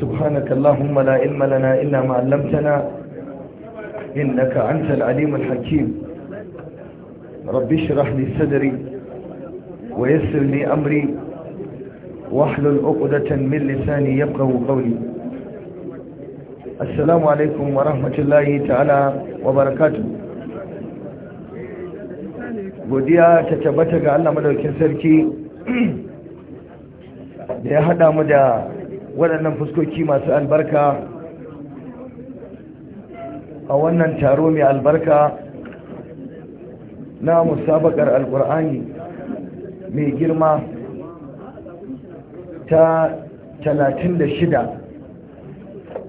سبحانك اللهم لا علم لنا إلا ما علمتنا إنك أنت العليم الحكيم رب اشرح لي صدري ويسر لي أمري واحلل عقدة من لساني يبقه قولي السلام عليكم ورحمة الله تعالى وبركاته godiya ta tabbata ga Allah madaukin sarki da ya hada mu da waɗannan fuskoki masu albarka a wannan taro mai albarka na musabakar Alƙur'ani mai girma ta talatin 36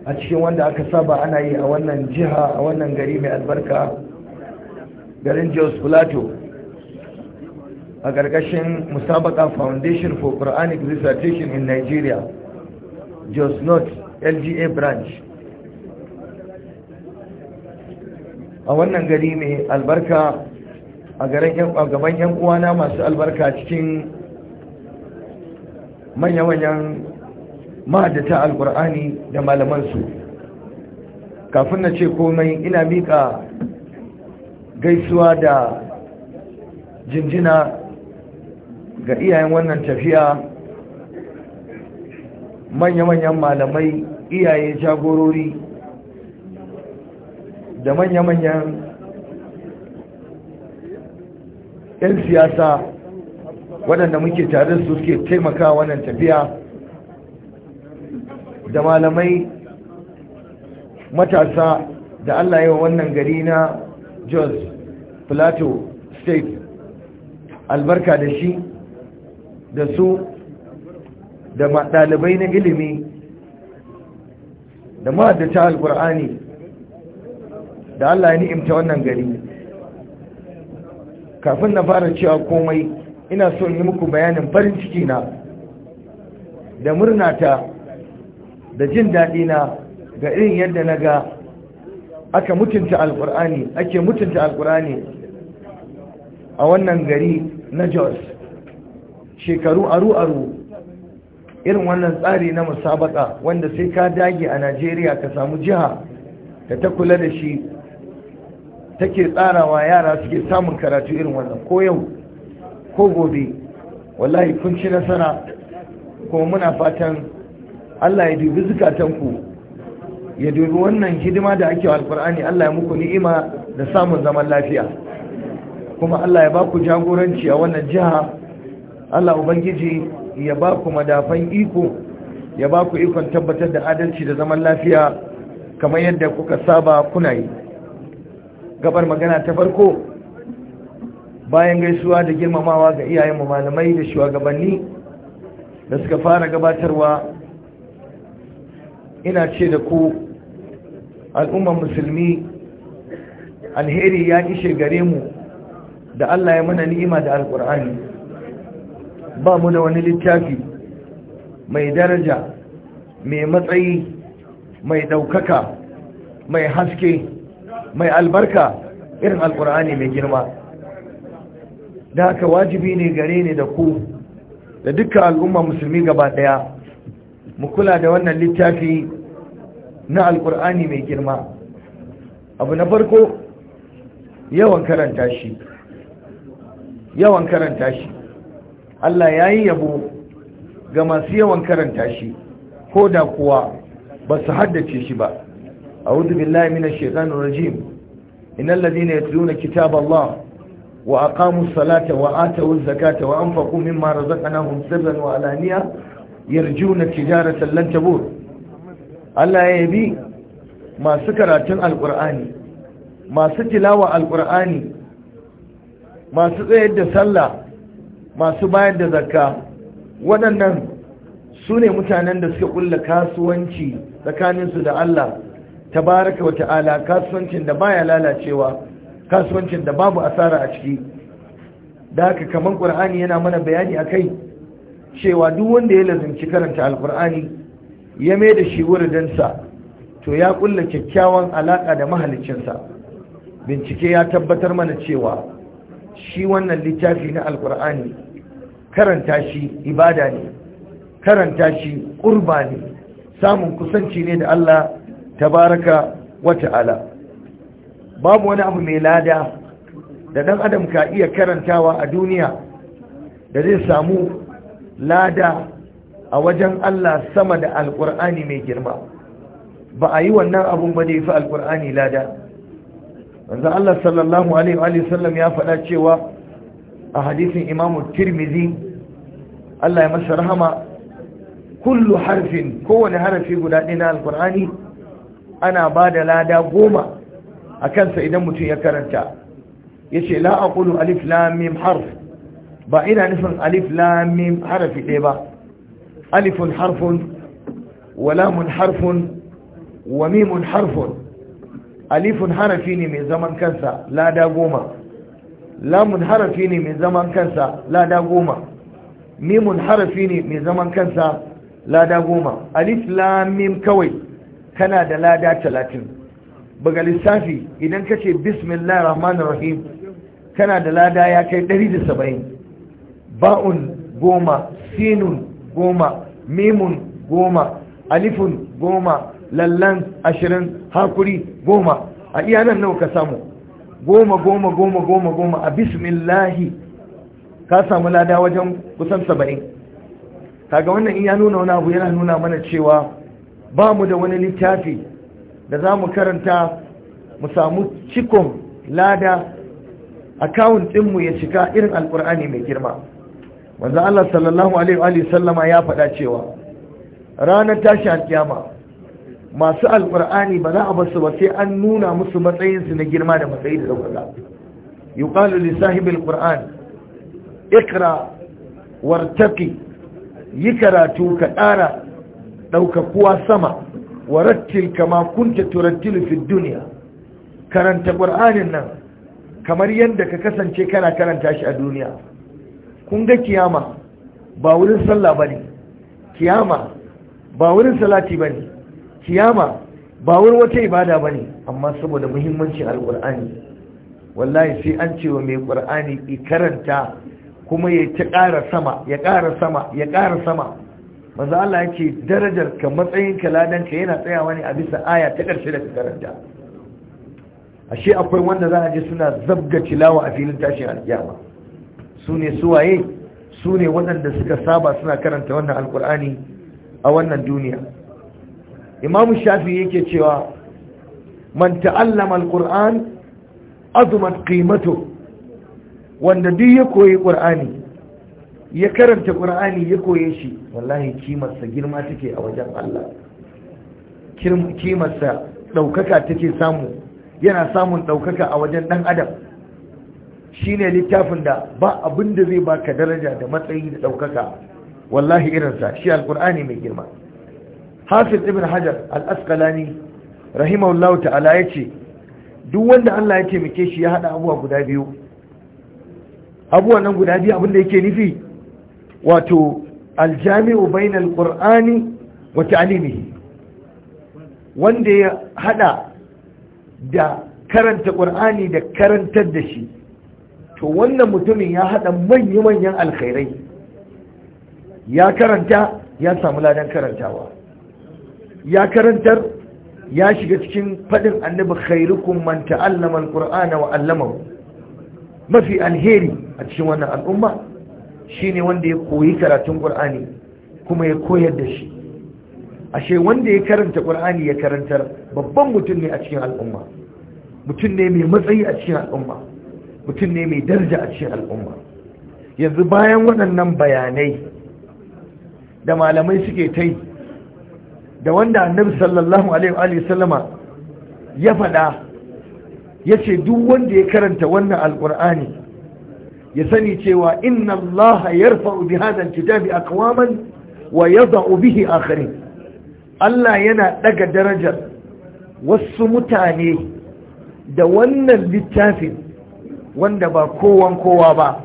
a cikin wanda aka saba ana yi a wannan jiha a wannan gari mai albarka garin jos plato a ƙarƙashin musabaka foundation for quranic dissertation in nigeria jos north lga branch a wannan gari mai albarka a gaban yan uwana masu albarka cikin manya-manyan ma'adata alkur'ani da malamansu kafin na ce komai ina miƙa gaisuwa da jinjina ga iyayen wannan tafiya manya-manyan malamai iyaye jagorori da manya-manyan 'yan siyasa waɗanda muke tare su suke taimaka wannan tafiya da malamai matasa da Allah yi wa wannan gari na Jos Plateau State albarka da shi da su da ɗalibai na ilimi da ta alkur'ani da Allah ya ni'imta wannan gari kafin na fara cewa komai ina so yi muku bayanin farin ciki na da murnata da jin daɗi na ga irin yadda na ga aka mutunta alkur'ani ake mutunta alkur'ani a wannan gari na jos shekaru aru-aru irin wannan tsari na musabaka wanda sai ka dage a najeriya ka samu jiha da ta kula da shi take tsarawa yara suke samun karatu irin wannan ko yau ko gobe wallahi kun ci nasara kuma muna fatan allah ya dubi zukatanku ya dubi wannan hidima da ake wa alkur'ani allah ya muku ni'ima da samun zaman lafiya kuma allah ya ba ku jagoranci a wannan jiha allah ubangiji ya ba ku madafan iko ya ba ku ikon tabbatar da adalci da zaman lafiya kamar yadda kuka saba kuna yi gabar magana ta farko bayan gaisuwa da girmamawa ga iyayen malamai da shugabanni da suka fara gabatarwa ina ce da ku al'ummar musulmi alheri ya ishe gare mu da Allah ya mana ni'ima da alkur'ani ba mu da wani littafi mai daraja mai matsayi mai ɗaukaka mai haske mai albarka irin alkur'ani mai girma da haka wajibi ne gare ne da ku da dukkan al'umma musulmi gaba ɗaya mu kula da wannan littafi na alkur'ani mai girma abu na farko yawan karanta shi yawan karanta shi Allah ya yi yabo ga masu yawan karanta shi ko da kuwa ba su haddace shi ba a wuzu billahi mina shekanu ina inan lalina ya tuluna kitab Allah wa akamun salata wa atawun zakata wa an faku min mara zakana hun sirran wa alaniya yarjuna tijara tallan tabur Allah ya bi masu karatun alkur'ani masu tilawa alkur'ani masu tsayar da sallah masu bayar da zakka waɗannan su ne mutanen da suka ƙulla kasuwanci tsakaninsu da Allah ta baraka wata'ala kasuwancin da baya lalacewa kasuwancin da babu asara a ciki da haka kamar ƙur'ani yana mana bayani a kai cewa duk wanda ya lazimci karanta alƙur'ani ya mai da shi wuridinsa to ya ƙulla kyakkyawan alaƙa da mahalicinsa bincike ya tabbatar mana cewa shi wannan littafi na alkur'ani karanta shi ibada ne karanta shi ƙurba ne samun kusanci ne da Allah tabaraka wata'ala babu wani abu mai lada da ɗan adam ka iya karantawa a duniya da zai samu lada a wajen Allah sama da alkur'ani mai girma ba a yi wannan abun ba da ya fi alkur'ani lada manzo Allah sallallahu alaihi wa sallam ya faɗa cewa a hadisin Imam tirmizi Allah ya masa rahama kullu harfin kowane harafi guda ɗaya na alkur'ani ana ba da lada goma a kansa idan mutum ya karanta ya ce la'akulu alif lamim harf ba ina nufin alif lamim harafi ɗaya ba alifun harfun walamun harfun wamimun harfun alifun harafi ne mai zaman kansa lada goma lamun harafi ne mai zaman kansa lada goma mimun harafi ne mai zaman kansa lada goma alif lamim kawai kana da lada talatin baga lissafi idan ka ce bismillah rahman rahim kana da lada ya kai da saba'in. ba'un goma sinun goma mimun goma alifun goma lallan ashirin hakuri goma a iya nan nawa ka samu goma goma goma goma goma a bismillahi ka samu lada wajen kusan saba'in kaga wannan iya nuna wani abu yana nuna mana cewa ba mu da wani littafi da za mu karanta mu samu cikon lada akawun ɗinmu ya cika irin alkur'ani mai girma Wanzan Allah sallallahu alaihi wa sallama ya faɗa cewa ranar tashi alkiyama masu alkur'ani ba za a basu ba sai an nuna musu matsayinsu na girma da matsayi da daukaka yuqalu li sahibi ikra wartaqi yi karatu ka ƙara ɗaukakuwa sama warattil kama kunta turattilu fi duniya karanta ƙur'anin nan kamar yadda ka kasance kana karanta shi a duniya kun ga kiyama ba wurin sallah bane kiyama ba wurin salati bane kiyama ba wani wata ibada ba ne amma saboda muhimmancin alkur'ani wallahi sai an cewa mai ƙur'ani i karanta kuma ya ta ƙara sama ya ƙara sama ya ƙara sama Maza Allah ya ce darajar ka matsayin ka ladan ka yana tsayawa ne a bisa aya ta ƙarshe da ka karanta ashe akwai wanda za a je suna zabga tilawa a filin tashin alƙiyama su ne suwaye su ne waɗanda suka saba suna karanta wannan alkur'ani a wannan duniya imam shafi yake cewa man ta'allama alquran azumat qimatu wanda duk ya koyi qur'ani ya karanta qur'ani ya koye shi wallahi kimarsa girma take a wajen Allah kimarsa daukaka take samu yana samun daukaka a wajen dan adam shine littafin da ba abin da zai baka daraja da matsayi da daukaka wallahi irinsa shi alqur'ani mai girma hafiz ibn hajar al-asqalani rahimahullahu ta'ala yace duk wanda Allah ya taimake shi ya hada abuwa guda biyu abuwa nan guda biyu abinda yake nufi wato aljami'u bainal qur'ani wa ta'limihi wanda ya hada da karanta qur'ani da karantar da shi to wannan mutumin ya hada manya-manyan alkhairai ya karanta ya samu ladan karantawa ya karantar ya shiga cikin faɗin annabi khairukum man ta'allama alqur'ana wa 'allamahu mafi alheri a cikin wannan al'umma shine wanda ya koyi karatun qur'ani kuma ya koyar da shi ashe wanda ya karanta qur'ani ya karantar babban mutum ne a cikin al'umma mutum ne mai matsayi a cikin al'umma mutum ne mai daraja a cikin al'umma yanzu bayan waɗannan bayanai da malamai suke ta da wanda annabi sallallahu alaihi sallama ya faɗa ya ce duk wanda ya karanta wannan alƙur'ani ya sani cewa inna allaha yarfa'u bi hadha alkitabi aqwaman wa yada'u bihi akarin? Allah yana ɗaga darajar wasu mutane da wannan littafin wanda ba kowan kowa ba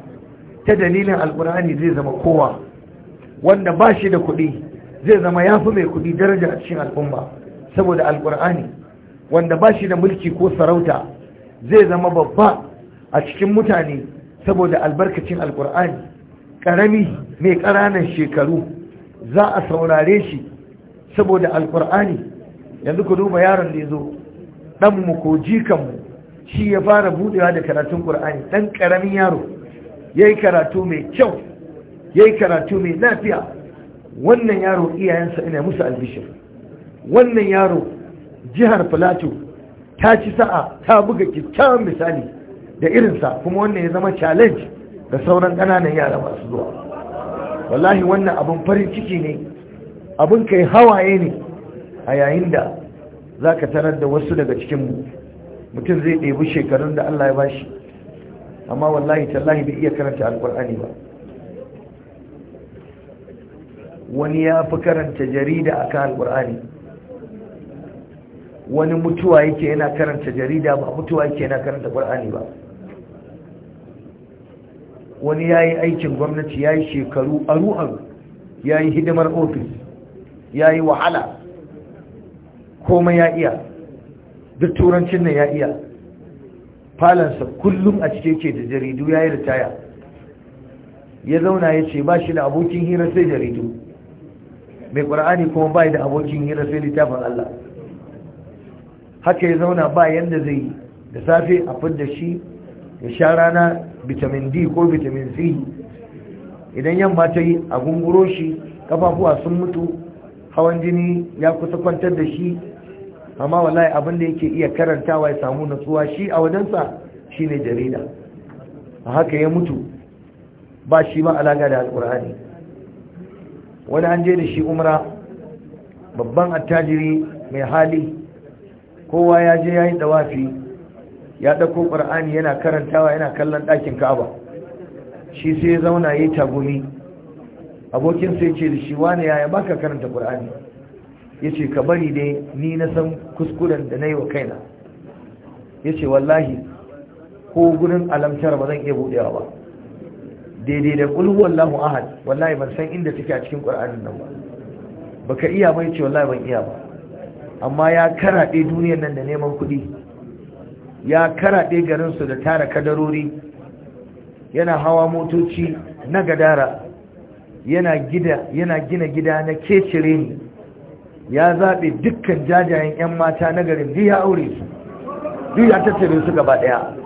ta dalilin alƙur'ani zai zama kowa wanda ba shi da kuɗi zai zama ya fi mai kuɗi daraja a cikin al'umma saboda alƙur'ani wanda ba shi da mulki ko sarauta zai zama babba a cikin mutane saboda albarkacin alƙur'ani ƙarami mai ƙananan shekaru za a saurare shi saboda alƙur'ani yanzu ku duba yaron da ya zo ɗanmu ko jikanmu shi ya fara buɗewa da karatun ƙur'ani ɗan ƙaramin yaro ya yi karatu mai kyau ya yi karatu mai lafiya wannan yaro iyayensa ina musu albishir wannan yaro jihar plateau ta ci sa'a ta buga kyakkyawan misali da irinsa kuma wannan ya zama challenge da sauran ƙananan yara masu zuwa wallahi wannan abin farin ciki ne abin kai hawaye ne a yayin da za ka tarar da wasu daga cikinmu mutum zai ɗebi shekarun da allah ya bashi amma wallahi tallahi bai iya karanta alƙur'ani ba wani ya fi karanta jarida a kan alƙur'ani wani mutuwa yake yana karanta jarida ba mutuwa yake yana karanta ƙur'ani ba wani ya yi aikin gwamnati ya yi shekaru a aru ya yi hidimar ofis ya yi wahala komai ya iya duk turancin nan ya iya falansa kullum a cike ke da jaridu ya yi ritaya ya zauna ya ce ba shi da abokin hira sai jaridu mai ƙur'ani kuma bai da abokin hira sai littafin Allah haka ya zauna ba yadda zai da safe a fidda shi ya sha rana vitamin d ko vitamin c idan yamma ta yi a gunguro shi kafafuwa sun mutu hawan jini ya kusa kwantar da shi amma wallahi abin da yake iya karantawa ya samu natsuwa shi a wajensa shine jarida a haka ya mutu ba shi ba alaƙa da alƙur'ani wani an je da shi umra babban attajiri mai hali kowa ya je yi dawafi ya ɗauko ƙar'ani yana karantawa yana kallon ɗakin Ka'aba shi sai ya zauna ya yi tagumi abokin sai ce da shi wani yaya baka karanta Ya ce ka bari dai ni na san kuskuren da na yi wa kaina Ya ce wallahi ko gurin alamtar ba zan iya buɗewa ba daidai da qul huwallahu ahad wallahi ban san inda take a cikin qur'anin nan ba baka iya mai ce wallahi ban iya ba amma ya karaɗe duniyar nan da neman kuɗi ya karaɗe garinsu da tara kadarori yana hawa motoci na gadara yana gina gida na kecire ne ya zaɓe dukkan jajayen 'yan mata na garin duk ya aure su duk ya tattare su gaba ɗaya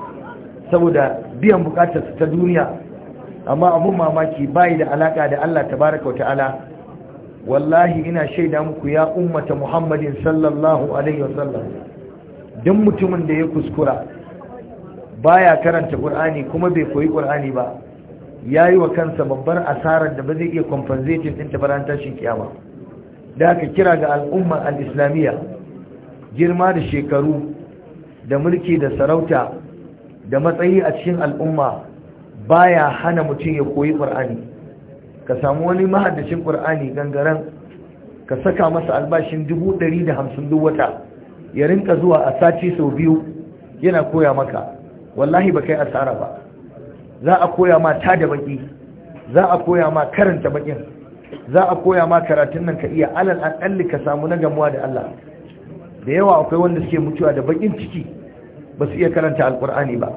saboda biyan bukatarsu ta duniya amma abun mamaki bai da alaka da Allah tabaraka wa ta'ala wallahi ina shaida muku ya ummata Muhammadin sallallahu alaihi wasallam duk mutumin da ya kuskura baya karanta Qur'ani kuma bai koyi Qur'ani ba yayi wa kansa babbar asarar da ba zai iya compensating din ta baran kiyama da aka kira ga al'umma al-islamiyya girma da shekaru da mulki da sarauta da matsayi a cikin al'umma baya hana mutum ya koyi qur'ani, ka samu wani mahaddashin qur'ani gangaren ka saka masa albashin dubu ɗari da hamsin duk wata ya rinka zuwa a sati sau biyu yana koya maka wallahi ba kai asara ba za a koya ma ta da baki za a koya ma karanta bakin za a koya ma karatun nan ka iya alal akalli ka samu na gamuwa da Allah da yawa akwai wanda suke mutuwa da bakin ciki ba su iya karanta alkur'ani ba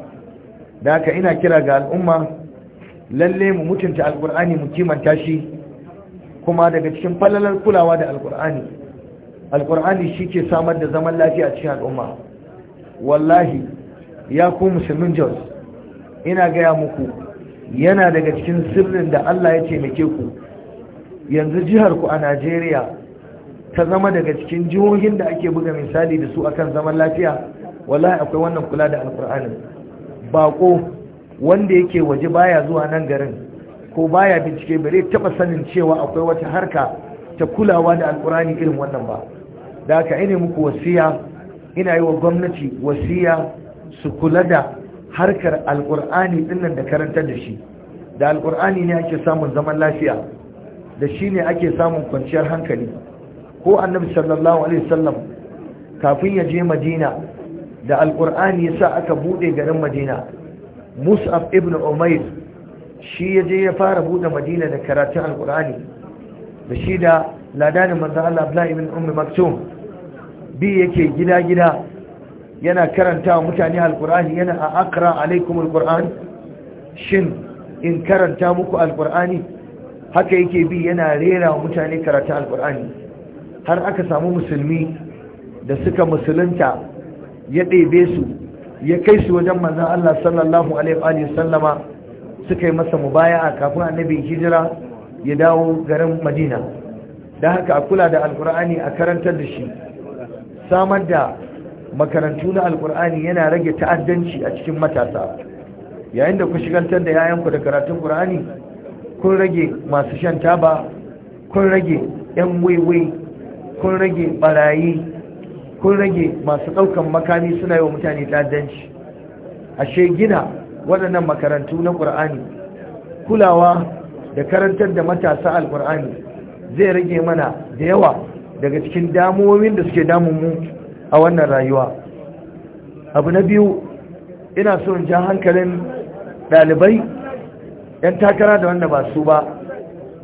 da haka ina kira ga al'umma lalle mu mutunta alkur'ani mu kimanta shi kuma daga cikin falalar kulawa da alkur'ani alkur'ani shi ke samar da zaman lafiya a cikin al'umma wallahi ya ku musulmin jos ina gaya muku yana daga cikin sirrin da allah ya taimake ku yanzu jihar ku a najeriya ta zama daga cikin jihohin da ake buga misali da su akan zaman lafiya wallahi akwai wannan kula da alkur'anin bako wanda yake waje baya zuwa nan garin ko baya bincike bare taba sanin cewa akwai wata harka ta kulawa da alkurani irin wannan ba da haka ina muku wasiya ina yi wa gwamnati wasiya su kula da harkar alkur'ani dinnan da karantar da shi da alkur'ani ne ake samun zaman lafiya da shi ne ake samun kwanciyar hankali ko annabi sallallahu alaihi wasallam kafin ya je madina da alkur'ani ya sa aka buɗe garin madina mus'ab ibn umair shi ya je ya fara buɗe madina da karatun Alƙur'ani. da shi da ladanin manzan Allah ibn Ummi Maktum bi yake gida-gida yana karanta wa mutane Alƙur'ani yana a akra alaikum alkur'an shin in karanta muku alkur'ani haka yake bi yana rera wa mutane karatun alkur'ani har aka samu musulmi da suka musulunta ya ɗebe su ya kai su wajen manzan Allah sallallahu alaihi wa sallama suka yi masa mubaya'a kafin annabi hijira ya dawo garin Madina da haka a kula da alkur'ani a karantar da shi samar da makarantu na alkur'ani yana rage ta'addanci a cikin matasa yayin da ku shigantar da yayanku da karatun kur'ani kun rage masu shan taba kun rage 'yan waiwai kun rage barayi kun rage masu ɗaukan makami suna yi wa mutane ɗadanci ashe gina waɗannan makarantu na ƙur'ani kulawa da karantar da matasa alƙur'ani zai rage mana da yawa daga cikin damuwomin da suke damunmu a wannan rayuwa abu na biyu ina so in ja hankalin ɗalibai 'yan takara da wanda ba su ba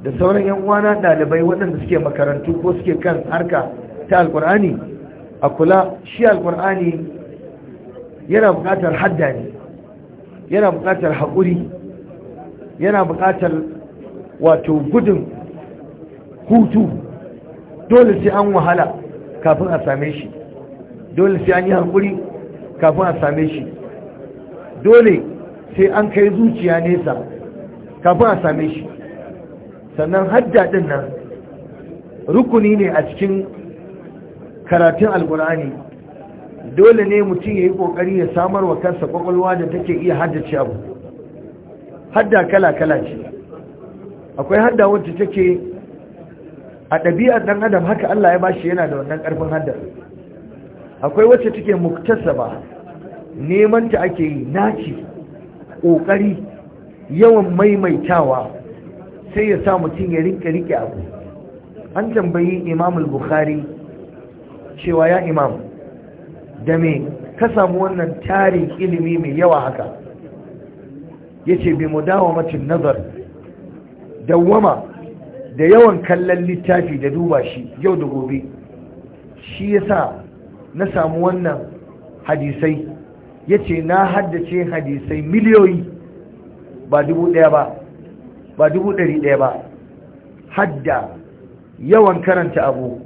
da sauran 'yan uwana ɗalibai waɗanda suke makarantu ko suke kan harka ta alƙur'ani a kula shi alkur'ani yana buƙatar hadda ne yana buƙatar haƙuri yana buƙatar wato gudun hutu dole sai an wahala kafin a same shi dole sai an yi haƙuri kafin a same shi dole sai an kai zuciya nesa kafin a same shi sannan hadda ɗin nan rukuni ne a cikin karatun alkur'ani dole ne mutum ya yi kokari ya samar wa kansa kwakwalwa da take iya haddace abu hadda kala-kala ce akwai hadda wacce take a ɗabi'ar ɗan adam haka Allah ya bashi yana da wannan ƙarfin hada akwai wacce take muktasaba neman ta ake yi naci ƙoƙari yawan maimaitawa sai ya sa mutum ya rinka rike abu an tambayi imamul bukhari cewa ya imam da me ka samu wannan tarin ilimi mai yawa haka ya ce bi mu macin nazar dawwama da yawan kallon littafi da duba shi yau da gobe shi ya sa na samu wannan hadisai ya ce na haddace hadisai miliyoyi ba dubu ɗaya ba ba dubu ɗari ɗaya ba hadda yawan karanta abu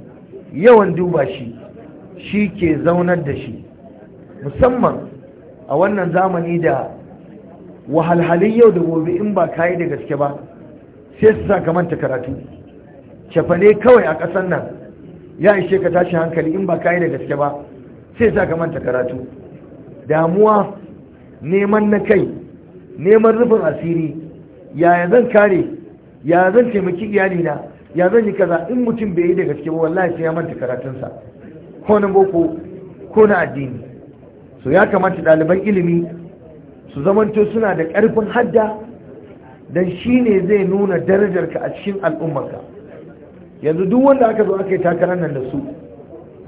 yawan duba shi shi ke zaunar da shi musamman a wannan zamani da wahalhalin yau da gobe in ba kayi da gaske ba sai su sa kamanta karatu cefane kawai a ƙasar nan ya ishe ka tashi hankali in ba kayi da gaske ba sai sa kamanta karatu damuwa neman na kai neman rufin asiri yaya zan kare yaya zan taimaki iyalina ya zan yi kaza in mutum bai yi da gaske ba wallahi sai ya manta karatunsa ko na boko ko na addini so ya kamata ɗaliban ilimi su zamanto suna da ƙarfin hadda don shi ne zai nuna darajarka a cikin al'ummarka yanzu duk wanda aka zo aka yi takarar nan da su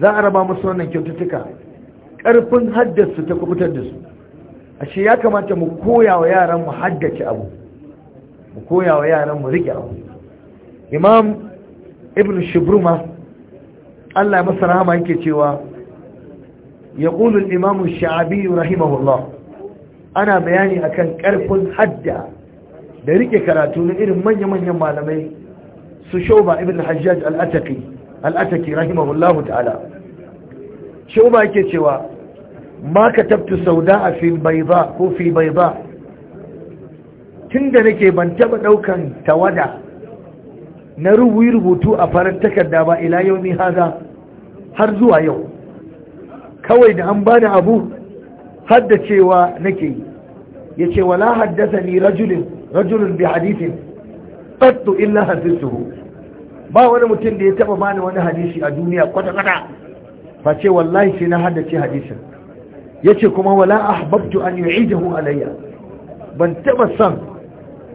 za a raba musu wannan kyaututtuka ƙarfin haddarsu ta kubutar da su ashe ya kamata mu koya wa yaran mu haddace abu mu koya wa yaran mu riƙe abu imam ibn shibruma Allah masa rahama yake cewa ya ƙulun imamu sha'abi rahimahullah ana bayani akan ƙarfin hadda da rike karatu na irin manya-manyan malamai su shoba ibn hajjaj al'ataki al'ataki rahimahullah ta'ala shoba yake cewa ma ka tabtu sauda a fi baiba ko fi tun da nake ban taba ɗaukan tawada na rubutu a farar takarda ba ila yau ni haza har zuwa yau kawai da an bani abu haddacewa nake yi ya ce wala haddasa ni rajulun rajulun bi hadithin tattu illa ba wani mutum da ya taba bani wani hadisi a duniya kwata-kwata face wallahi sai na haddace hadisin ya ce kuma wala ahbabtu an yu'idahu alayya ban taba san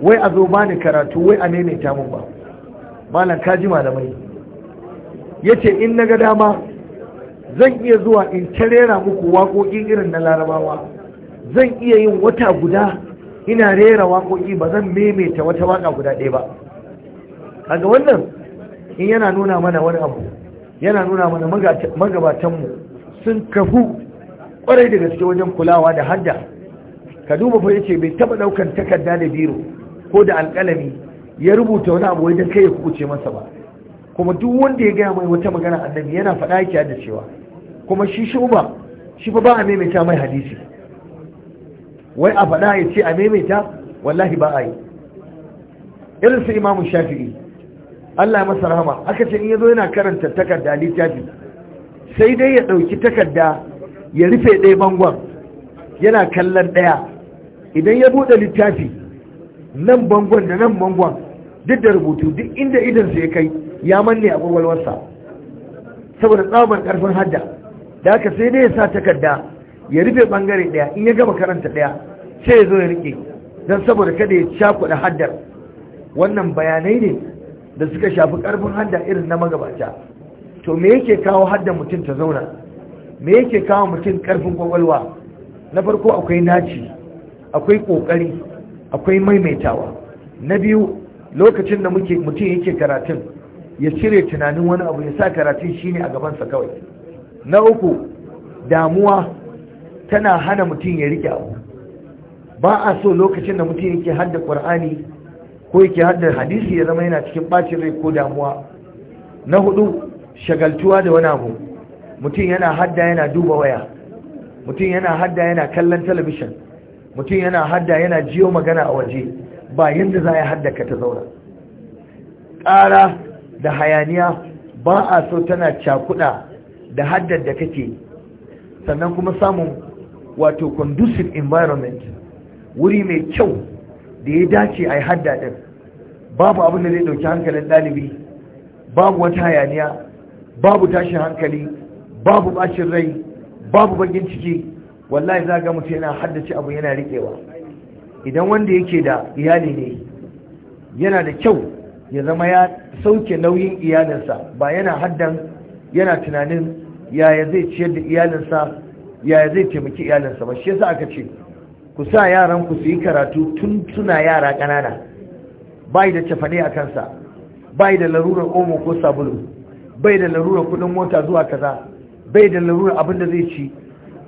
wai a zo bani karatu wai a maimaita mun ba malam kaji malamai ya ce in na ga dama zan iya zuwa in rera muku waƙoƙi irin na larabawa zan iya yin wata guda ina rera wakoki ba zan maimaita wata waƙa guda ɗaya ba kaga wannan in yana nuna mana wani abu yana nuna mana magabatanmu sun kafu kwarai daga cikin wajen kulawa da hadda ka duba fa yace bai taba daukan takarda da biro ko da alƙalami ya rubuta wani abu wajen kai ya kuce masa ba kuma duk wanda ya gaya mai wata magana annabi yana faɗa yake da cewa kuma shi shuba shi ba a maimaita mai hadisi wai a faɗa ya ce a maimaita wallahi ba a yi irin su imamu shafi'i Allah ya masa rahama aka ce in yazo yana karanta takarda littafi sai dai ya ɗauki takarda ya rufe ɗaya bangon yana kallon ɗaya idan ya buɗe littafi nan bangon da nan bangon duk da rubutu duk inda idan ya kai ya manne a ƙwaƙwalwarsa saboda tsaban ƙarfin hadda da haka sai dai ya sa takarda ya rufe bangare daya in ya gama karanta daya sai ya zo ya rike don saboda kada ya cakuda haddar wannan bayanai ne da suka shafi karfin hadda irin na magabata to me yake kawo haddar mutum ta zauna me yake kawo mutum karfin kwakwalwa na farko akwai naci akwai ƙoƙari akwai maimaitawa na biyu lokacin da mutum yake karatun ya cire tunanin wani abu ya sa karatun ne a gabansa kawai na uku damuwa tana hana mutum ya rike abu ba a so lokacin da mutum yake hada ƙwar'ani ko yake hada hadisi ya zama yana cikin ɓacin rai ko damuwa na hudu shagaltuwa da wani abu mutum yana hadda yana duba waya mutum yana hadda yana kallon talabishin mutum yana hadda yana jiyo magana a waje ba yadda za ya hada ka ta zaura. ƙara da hayaniya ba a so tana cakuɗa da haddar da kake sannan kuma samun wato conducive environment wuri mai kyau da ya dace a yi hadda babu abin da zai ɗauki hankalin ɗalibi babu wata hayaniya babu tashin hankali babu ɓacin rai babu bakin ciki wallahi za ga mutum yana haddace abu yana riƙewa idan wanda yake da iyali ne yana da kyau ya zama ya sauke nauyin iyalinsa ba yana haddan yana tunanin yaya zai ciyar da iyalinsa yaya zai taimaki iyalinsa ba shi yasa aka ce ku sa yaran ku su yi karatu tun suna yara ƙanana bai da cafane a kansa bai da larurar omo ko sabulu bai da larurar kudin mota zuwa kaza bai da larurar abin da zai ci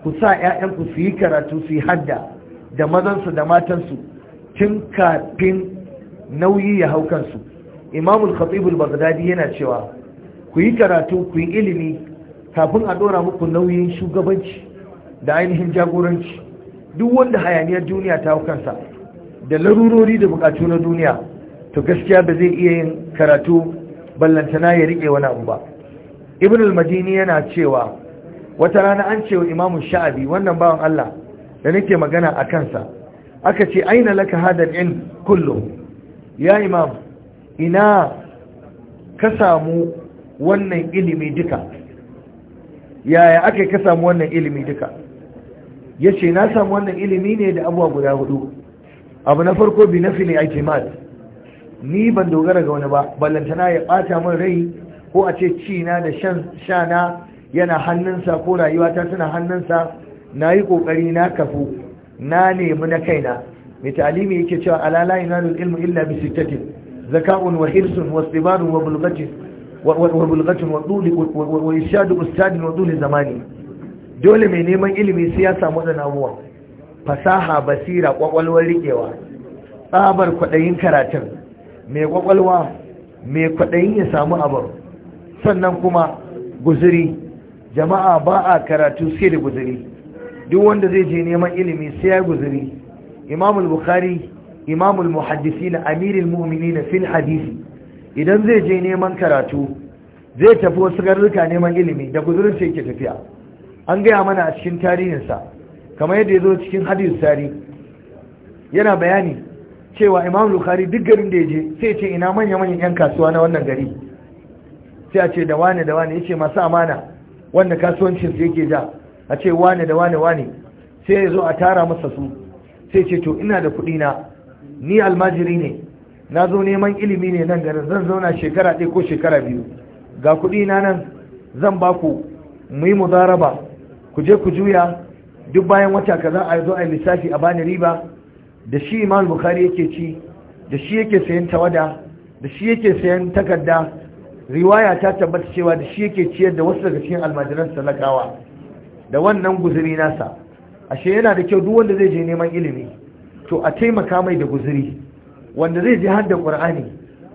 ku sa 'ya'yanku su yi karatu su yi hadda da mazansu da matansu tun kafin nauyi ya hau kansu imamul khatibul baghdadi yana cewa ku yi karatu ku yi ilimi kafin a dora muku nauyin shugabanci da ainihin jagoranci duk wanda hayaniyar duniya ta kansa da larurori da bukatu na duniya to gaskiya ba zai iya yin karatu ballantana ya rike wani abu ba ibn al-madini yana cewa wata rana an ce wa imamu sha'abi wannan bawan Allah da nake magana a kansa aka ce aina laka hadal in kullu ya imam ina ka samu wannan ilimi duka yaya aka ka samu wannan ilimi duka ya ce na samu wannan ilimi ne da abuwa guda hudu abu na farko bi na fili aitimad ni ban dogara ga wani ba ballantana ya bata min rai ko a ce cina da shana yana hannunsa ko rayuwa ta tana hannunsa na yi kokari na kafu na nemi na kaina mai talimi yake cewa alala da ilmu illa bi sittatin zaka'un wa hirsun wa sibarun wa bulghatin وبلغة وطول وإشاد Ustadin, وطول Zamani, dole mai neman ilimi sai ya samu wadannan abubuwa fasaha basira kwakwalwar riƙewa tsabar kwaɗayin karatun mai kwakwalwa mai kwaɗayin ya samu abar sannan kuma guzuri jama'a ba a karatu sai da guzuri duk wanda zai je neman ilimi sai ya guzuri imamul bukhari imamul muhaddisi na amirul mu'mini na fil hadisi idan zai je neman karatu zai tafi wasu garurka neman ilimi da guzurin ce yake tafiya an gaya mana a cikin tarihinsa kamar yadda ya zo cikin hadis tari yana bayani cewa imam bukhari duk garin da ya je sai ce ina manya-manyan 'yan kasuwa na wannan gari sai a ce da wane da wane ya ce masu amana wanda su yake ja a ce wane da wane wane sai ya zo a tara masa su sai ce to ina da kuɗi na ni almajiri ne na zo neman ilimi ne nan garin zan zauna shekara ɗaya ko shekara biyu ga kuɗi na nan zan ba ku mu yi mu zaraba, ku je ku juya duk bayan wata kaza a zo a yi lissafi a bani riba da shi imam bukari yake ci da shi yake sayan tawada da shi yake sayan takarda riwaya ta tabbata cewa da shi yake ciyar da wasu daga cikin almajiran talakawa da wannan guzuri nasa ashe yana da kyau duk wanda zai je neman ilimi to a taimaka mai da guzuri wanda zai je hadda da qur'ani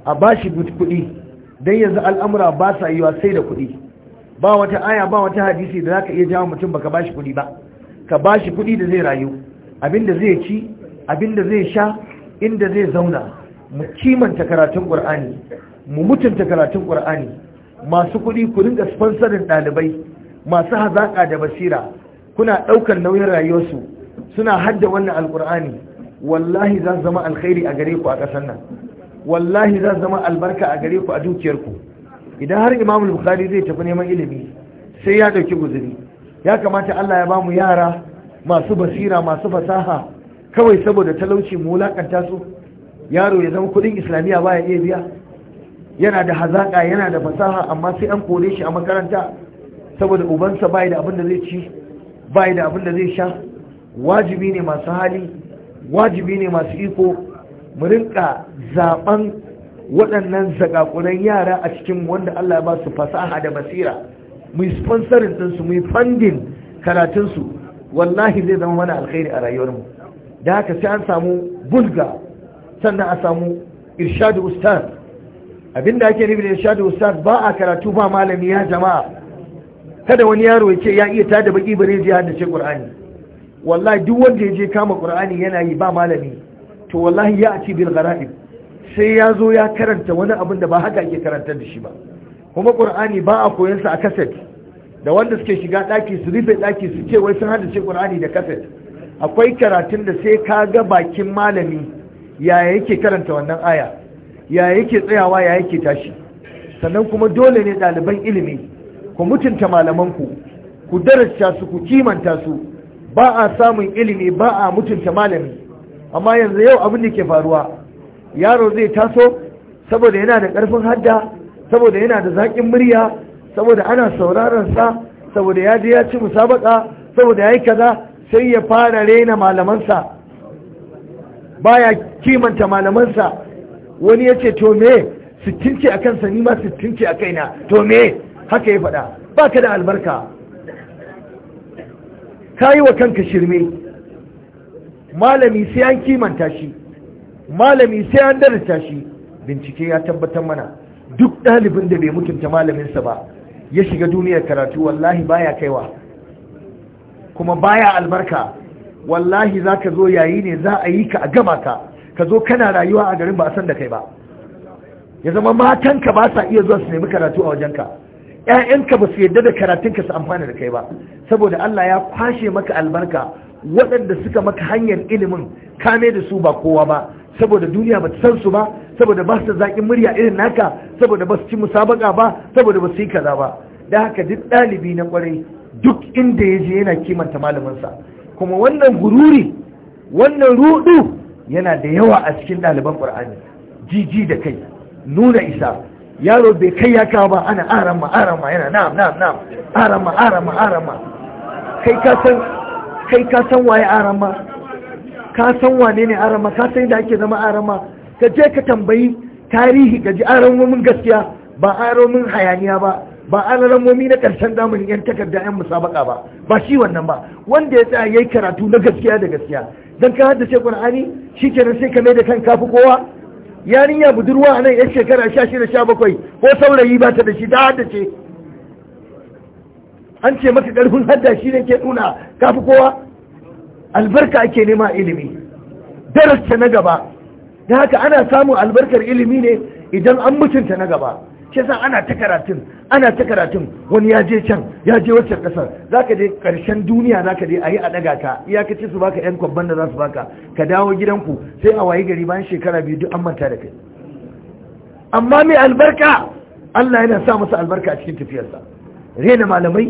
a bashi kuɗi don yanzu al'amura ba sa wa sai da kuɗi ba wata aya ba wata hadisi da za ka iya jawo mutum ba ka ba bashi kuɗi ba ka bashi kuɗi da zai rayu abinda zai ci abinda zai sha inda zai zauna mu kimanta karatun ƙur'ani, mu mutunta karatun ƙur'ani, masu kuɗi ku dinga sponsorin ɗalibai masu hazaƙa da basira kuna ɗaukar nauyin rayuwarsu suna hadda wannan alƙur'ani wallahi za su zama alkhairi a gare ku a ƙasar nan wallahi za su zama albarka a gare ku a dukiyarku idan har imam bukhari zai tafi neman ilimi sai ya ɗauki guzuri ya kamata allah ya bamu yara masu basira masu fasaha kawai saboda talauci mu wulakanta su yaro ya zama kuɗin islamiyya ba ya iya biya yana da hazaƙa yana da fasaha amma sai an kore shi a makaranta saboda ubansa bai da abin da zai ci bai da abin da zai sha wajibi ne masu hali wajibi ne masu iko mu rinka zaben waɗannan zagakunan yara a cikin wanda Allah ya ba su fasaha da basira mu sponsorin su mu yi funding karatunsu wallahi zai zama mana alkhairi a rayuwar mu. da haka sai an samu bulga sannan a samu irshadu ustaz abinda ake nufi da irshadu ustaz ba a karatu ba malami ya jama'a kada wani yaro ya ce ya iya tada baki bare ya haddace qur'ani wallahi duk wanda ya je kama qur'ani yana yi ba malami to wallahi ya ci bil ghara'ib sai ya zo ya karanta wani abin da ba haka ake karantar da shi ba kuma ƙur'ani ba a koyon sa a kaset da wanda suke shiga daki su rufe daki su ce wai sun hada ce qur'ani da kaset akwai karatun da sai ka ga bakin malami yaya yake karanta wannan aya yaya yake tsayawa yaya yake tashi sannan kuma dole ne ɗaliban ilimi ku mutunta malamanku ku darasta su ku kimanta su ba a samun ilimi ba a mutunta malami amma yanzu yau abin da ke faruwa yaro zai taso saboda yana da ƙarfin hadda saboda yana da zaƙin murya saboda ana sauraron sa saboda ya je ya ci musabaka saboda ya yi kaza sai ya fara rena malamansa Ba ya kimanta malamansa wani ya ce to me sittin ce a kansa ni ma sittin ce a kaina to me haka ya faɗa ba ka da albarka ka yi wa kanka shirme malami sai an kimanta shi malami sai an darata shi bincike ya tabbatar mana duk ɗalibin da bai mutunta malaminsa ba ya shiga duniyar karatu wallahi baya kaiwa kuma baya albarka wallahi za ka zo yayi ne za a yi ka a gama ka ka zo kana rayuwa a garin ba a san da kai ba ya zama matanka ba sa iya zuwa su nemi karatu a wajenka Ya'yanka ba su yarda da karatunka su amfana da kai ba saboda Allah ya kwashe maka albarka waɗanda suka maka hanyar ilimin kame da su ba kowa ba saboda duniya ba san su ba saboda ba su zaƙin murya irin naka saboda ba su ci musabaka ba saboda ba su yi kaza ba da haka duk ɗalibi na ƙwarai duk inda ya je yana kimanta malaminsa kuma wannan gururi wannan rudu yana da yawa a cikin ɗaliban ƙur'ani jiji da kai nuna isa yaro bai kai ya kawo ba ana arama arama yana na'am na'am na'am arama arama arama kai ka san kai ka san waye arama ka san wane ne arama ka san da ake zama arama ka je ka tambayi tarihi ka ji aramomin gaskiya ba aramomin hayaniya ba ba aramomi na karshen zamanin yan takarda yan musabaka ba ba shi wannan ba wanda ya tsaya yayi karatu na gaskiya da gaskiya dan ka haddace qur'ani kenan sai ka mai da kan kafi kowa yarinya budurwa a nan yan shekara sha shida sha bakwai ko saurayi ba ta da shi da hada ce an ce maka ƙarfin hadda shi ne ke nuna kafi kowa albarka ake nema ilimi darasta na gaba da haka ana samun albarkar ilimi ne idan an mutunta na gaba ke san ana ta karatun ana ta karatun wani ya je can ya je wacce kasar ka je karshen duniya za ka je a yi a ɗaga ka iyakaci su baka yan kwabban da za su baka ka dawo gidanku sai a wayi gari bayan shekara biyu duk an manta da kai amma mai albarka Allah yana sa masa albarka a cikin tafiyarsa rena malamai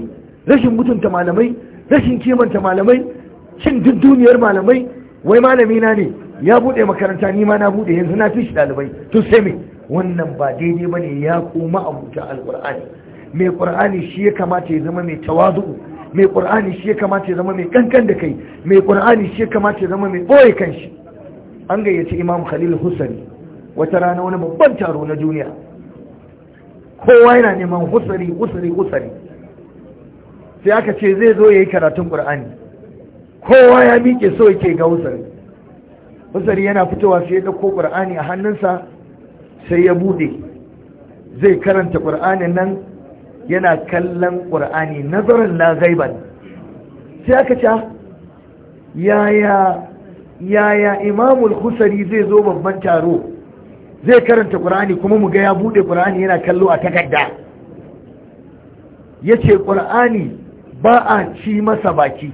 rashin mutunta malamai rashin kimanta malamai cin duniyar malamai wai malami na ne ya bude makaranta ni ma na bude yanzu na fi shi dalibai to sai me wannan ba daidai ba ne ya koma abuta alƙur'ani mai ƙur'ani shi ya kamata ya zama mai tawazu mai ƙur'ani shi ya kamata ya zama mai kankan da kai mai ƙur'ani shi ya kamata ya zama mai ɓoye kanshi an gayyaci imam khalil husani wata rana wani babban taro na duniya kowa yana neman husari husari husari sai aka ce zai zo ya yi karatun ƙur'ani kowa ya miƙe so yake ga husari husari yana fitowa sai ya ɗauko ƙur'ani a hannunsa sai ya bude zai karanta ƙur'anin nan yana kallon ƙur'ani nazarin na gaiban sai aka ce ah, yaya yaya imamul husari zai zo babban taro zai karanta ƙur'ani kuma mu ga ya bude ƙur'ani yana kallo a takarda ya ce ƙur'ani ba a ci masa baki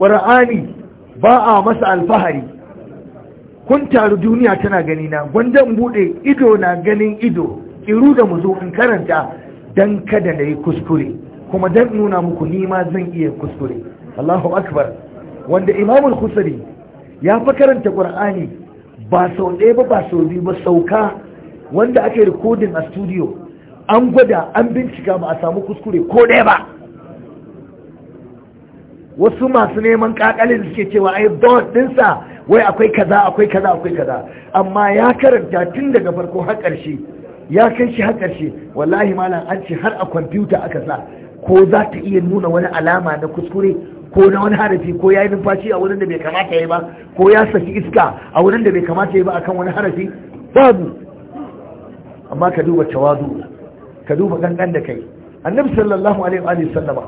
ƙur'ani ba a masa alfahari kun taru duniya tana gani na gwandan bude ido na ganin ido Kiru da mu zo in karanta dan kada na yi kuskure kuma dan nuna muku ni ma zan iya kuskure Allahu akbar wanda Imam al ya fa karanta Qur'ani ba sau ɗaya ba ba sau biyu ba sauka wanda ake rikodin a studio an gwada an bincika ba a samu kuskure ko ɗaya ba wasu masu neman kakalin suke cewa ai don dinsa wai akwai kaza akwai kaza akwai kaza amma ya karanta tun daga farko har ƙarshe ya kai shi har ƙarshe wallahi malam an ce har a kwamfuta aka sa ko za ta iya nuna wani alama na kuskure ko na wani harafi ko ya yi numfashi a wurin da bai kamata ya ba ko ya saki iska a wurin da bai kamata ya ba akan wani harafi babu amma ka duba tawadu ka duba kankan da kai annabi sallallahu alaihi wa sallama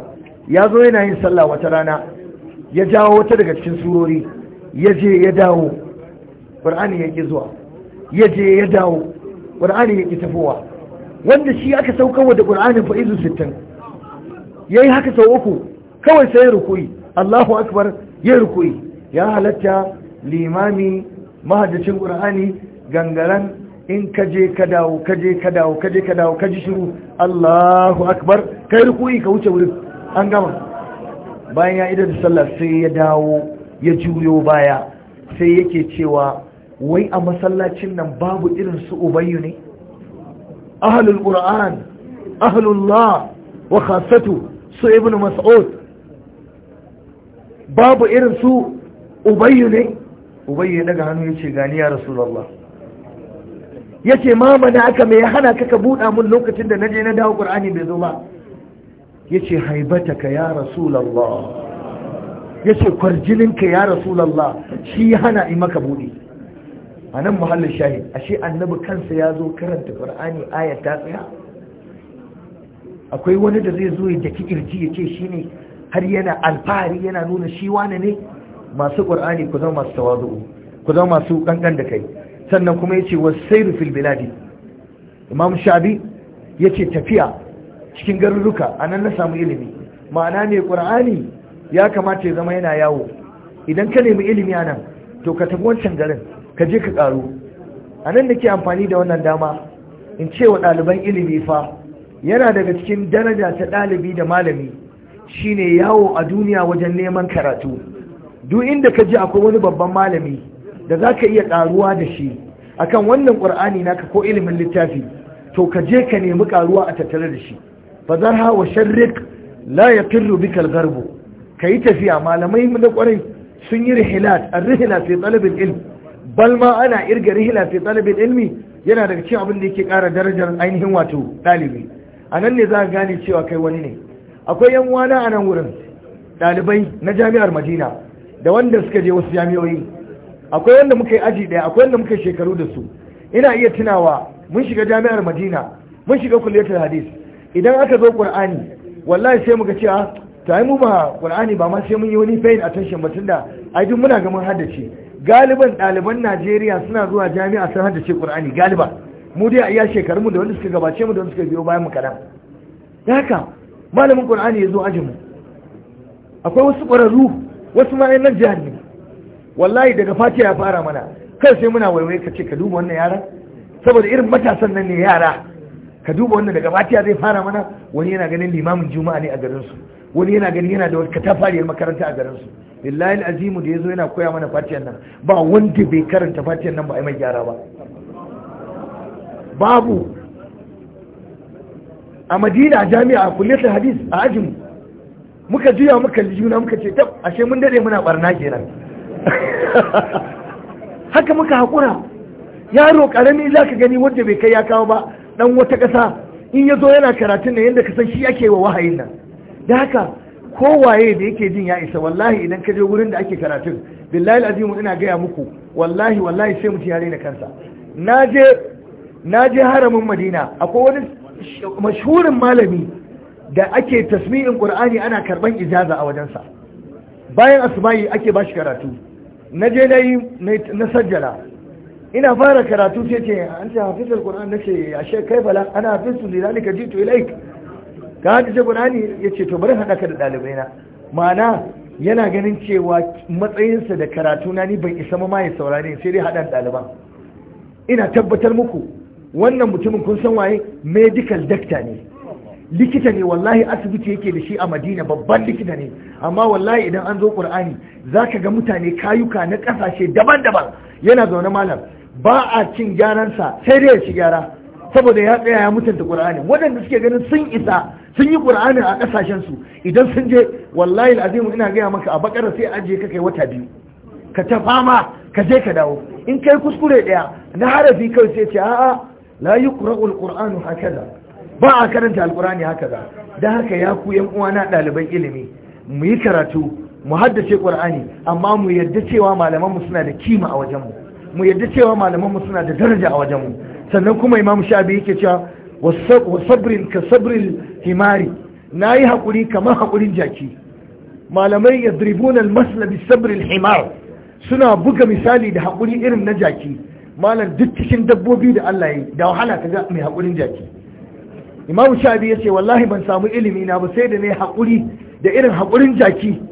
ya zo yana yin sallah wata rana ya jawo wata daga cikin surori ya je ya dawo Al-Qur'ani ya ƙi zuwa ya je ya dawo Al-Qur'ani ya ƙi tafowa wanda shi aka saukarwa da Al-Qur'ani fa'izu sittin ya yi haka sau uku kawai sai rukui allahu akbar ya rukui ya halatta limami mahajjacin ƙur'ani gangaren in ka je ka dawo ka je ka dawo ka je ka dawo ka ji shiru Allahu akbar kai ruku'i ka wuce wurin an gama bayan ya idar da sallah sai ya dawo ya juyo baya sai yake cewa wai a masallacin nan babu irin su ubayyu ne ahlul qur'an ahlullah wa khassatu su ibn mas'ud babu irin su ubayyu ne ubayyu daga hannu yace gani ya rasulullah yace ma mana aka me hana ka ka buda mun lokacin da naje na dawo qur'ani bai zo ba yace haibataka ya rasulullah ya ce kwarjininka ya rasulallah shi hana in maka buɗe a nan muhallin shahid ashe annabi kansa ya zo karanta qur'ani ayat ta tsaya akwai wani da zai zo ya daki ƙirji ya ce shi ne har yana alfahari yana nuna shi wane ne masu qur'ani ku zama masu tawazu ku zama masu kankan da kai sannan kuma yace ce wasairu fil biladi imam shabi yace tafiya cikin garuruka a nan na samu ilimi ma'ana ne qur'ani ya kamata ya zama yana yawo idan ka nemi ilimi a nan to ka tafi wancan garin ka je ka karu a nan nake amfani da wannan dama in ce wa ɗaliban ilimi fa yana daga cikin daraja ta ɗalibi da malami shine yawo a duniya wajen neman karatu duk inda ka je akwai wani babban malami da za ka iya karuwa da shi akan wannan ƙur'ani naka ko ilimin littafi to ka je ka nemi karuwa a tattare da shi zarha wa sharrik la yaqirru bikal garbu ka yi tafiya malamai na kwarai sun yi rihilat a rihila fi talibin ilmi bal ma ana irga rihila fi talibin ilmi yana daga cikin abin da yake kara darajar ainihin wato ɗalibi a nan ne za ka gane cewa kai wani ne akwai yan wana a nan wurin ɗalibai na jami'ar madina da wanda suka je wasu jami'oyi. akwai wanda muka yi aji daya, akwai wanda muka yi shekaru da su ina iya tunawa mun shiga jami'ar madina mun shiga kulliyatul hadis idan aka zo qur'ani wallahi sai muka ce ah, ta yi mu ba ƙul'ani ba ma sai mun yi wani fayin tashin ba tunda ai duk muna ga haddace galiban ɗaliban Najeriya suna zuwa jami'a sun haddace ƙul'ani galiba mu dai a iya shekarun mu da wanda suka gabace mu da wanda suka biyo bayan mu Ya haka malamin ƙul'ani ya zo ajin mu akwai wasu ƙwararru wasu ma nan jihar ne wallahi daga fatiya ya fara mana kai sai muna waiwai ka ce ka duba wannan yaran saboda irin matasan nan ne yara ka duba wannan daga gabatiya zai fara mana wani yana ganin limamin juma'a ne a garinsu wani yana ganin yana da wata tafariyar makaranta a garinsu lillahi azimu da ya zo yana koya mana fatiyar nan ba wanda bai karanta fatiyar nan ba a yi mai gyara ba babu a madina jami'a kulletar hadis a ajin muka juya muka juna muka ce tab ashe mun dade muna barna kenan haka muka haƙura yaro ƙarami za ka gani wanda bai kai ya kawo ba dan wata ƙasa in ya zo yana karatun ne yadda ka san shi ake wa wahayin nan da haka kowaye da yake jin ya isa wallahi idan ka je wurin da ake karatun billahi azimu ina gaya muku wallahi wallahi sai mutum ya da kansa na je haramin madina akwai wani mashhurin malami da ake tasmi'in qur'ani ana karban ijaza a wajensa bayan asma'i ake bashi karatu na je na yi na sajjala ina fara karatu sai ce an ce na alquran a ashe kai bala ana hafizu lidalika jitu ilaik ka hadisi qur'ani yace to bari haɗa ka da dalibai na ma'ana yana ganin cewa matsayinsa da karatu na ni ban isa ma ya saurare sai dai hada daliban ina tabbatar muku wannan mutumin kun san waye medical doctor ne likita ne wallahi asibiti yake da shi a madina babban likita ne amma wallahi idan an zo qur'ani zaka ga mutane kayuka na kasashe daban-daban yana zaune malam ba a cin gyaransa sai dai ya ci gyara saboda ya tsaya ya mutunta qur'ani waɗanda suke ganin sun isa sun yi qur'ani a kasashen su idan sun je wallahi alazim ina gaya maka a bakara sai aje ka kai wata biyu ka ta fama ka je ka dawo in kai kuskure ɗaya, na harafi kawai sai ce a'a la yuqra'ul qur'anu hakaza ba a karanta alqur'ani hakaza dan haka ya ku yan uwana ɗaliban ilimi mu yi karatu mu haddace qur'ani amma mu yadda cewa malaman mu suna da kima a wajen mu mu yadda cewa malaman mu suna da daraja a wajen mu sannan kuma imam shabi yake cewa wasabrin ka sabrin himari na yi haƙuri kamar haƙurin jaki malamai ya dribuna maslabi sabrin himar suna buga misali da haƙuri irin na jaki malam duk cikin dabbobi da Allah yi da wahala ka ga mai haƙurin jaki imamu shabi ya ce wallahi ban samu ilimi na ba sai da ne haƙuri da irin haƙurin jaki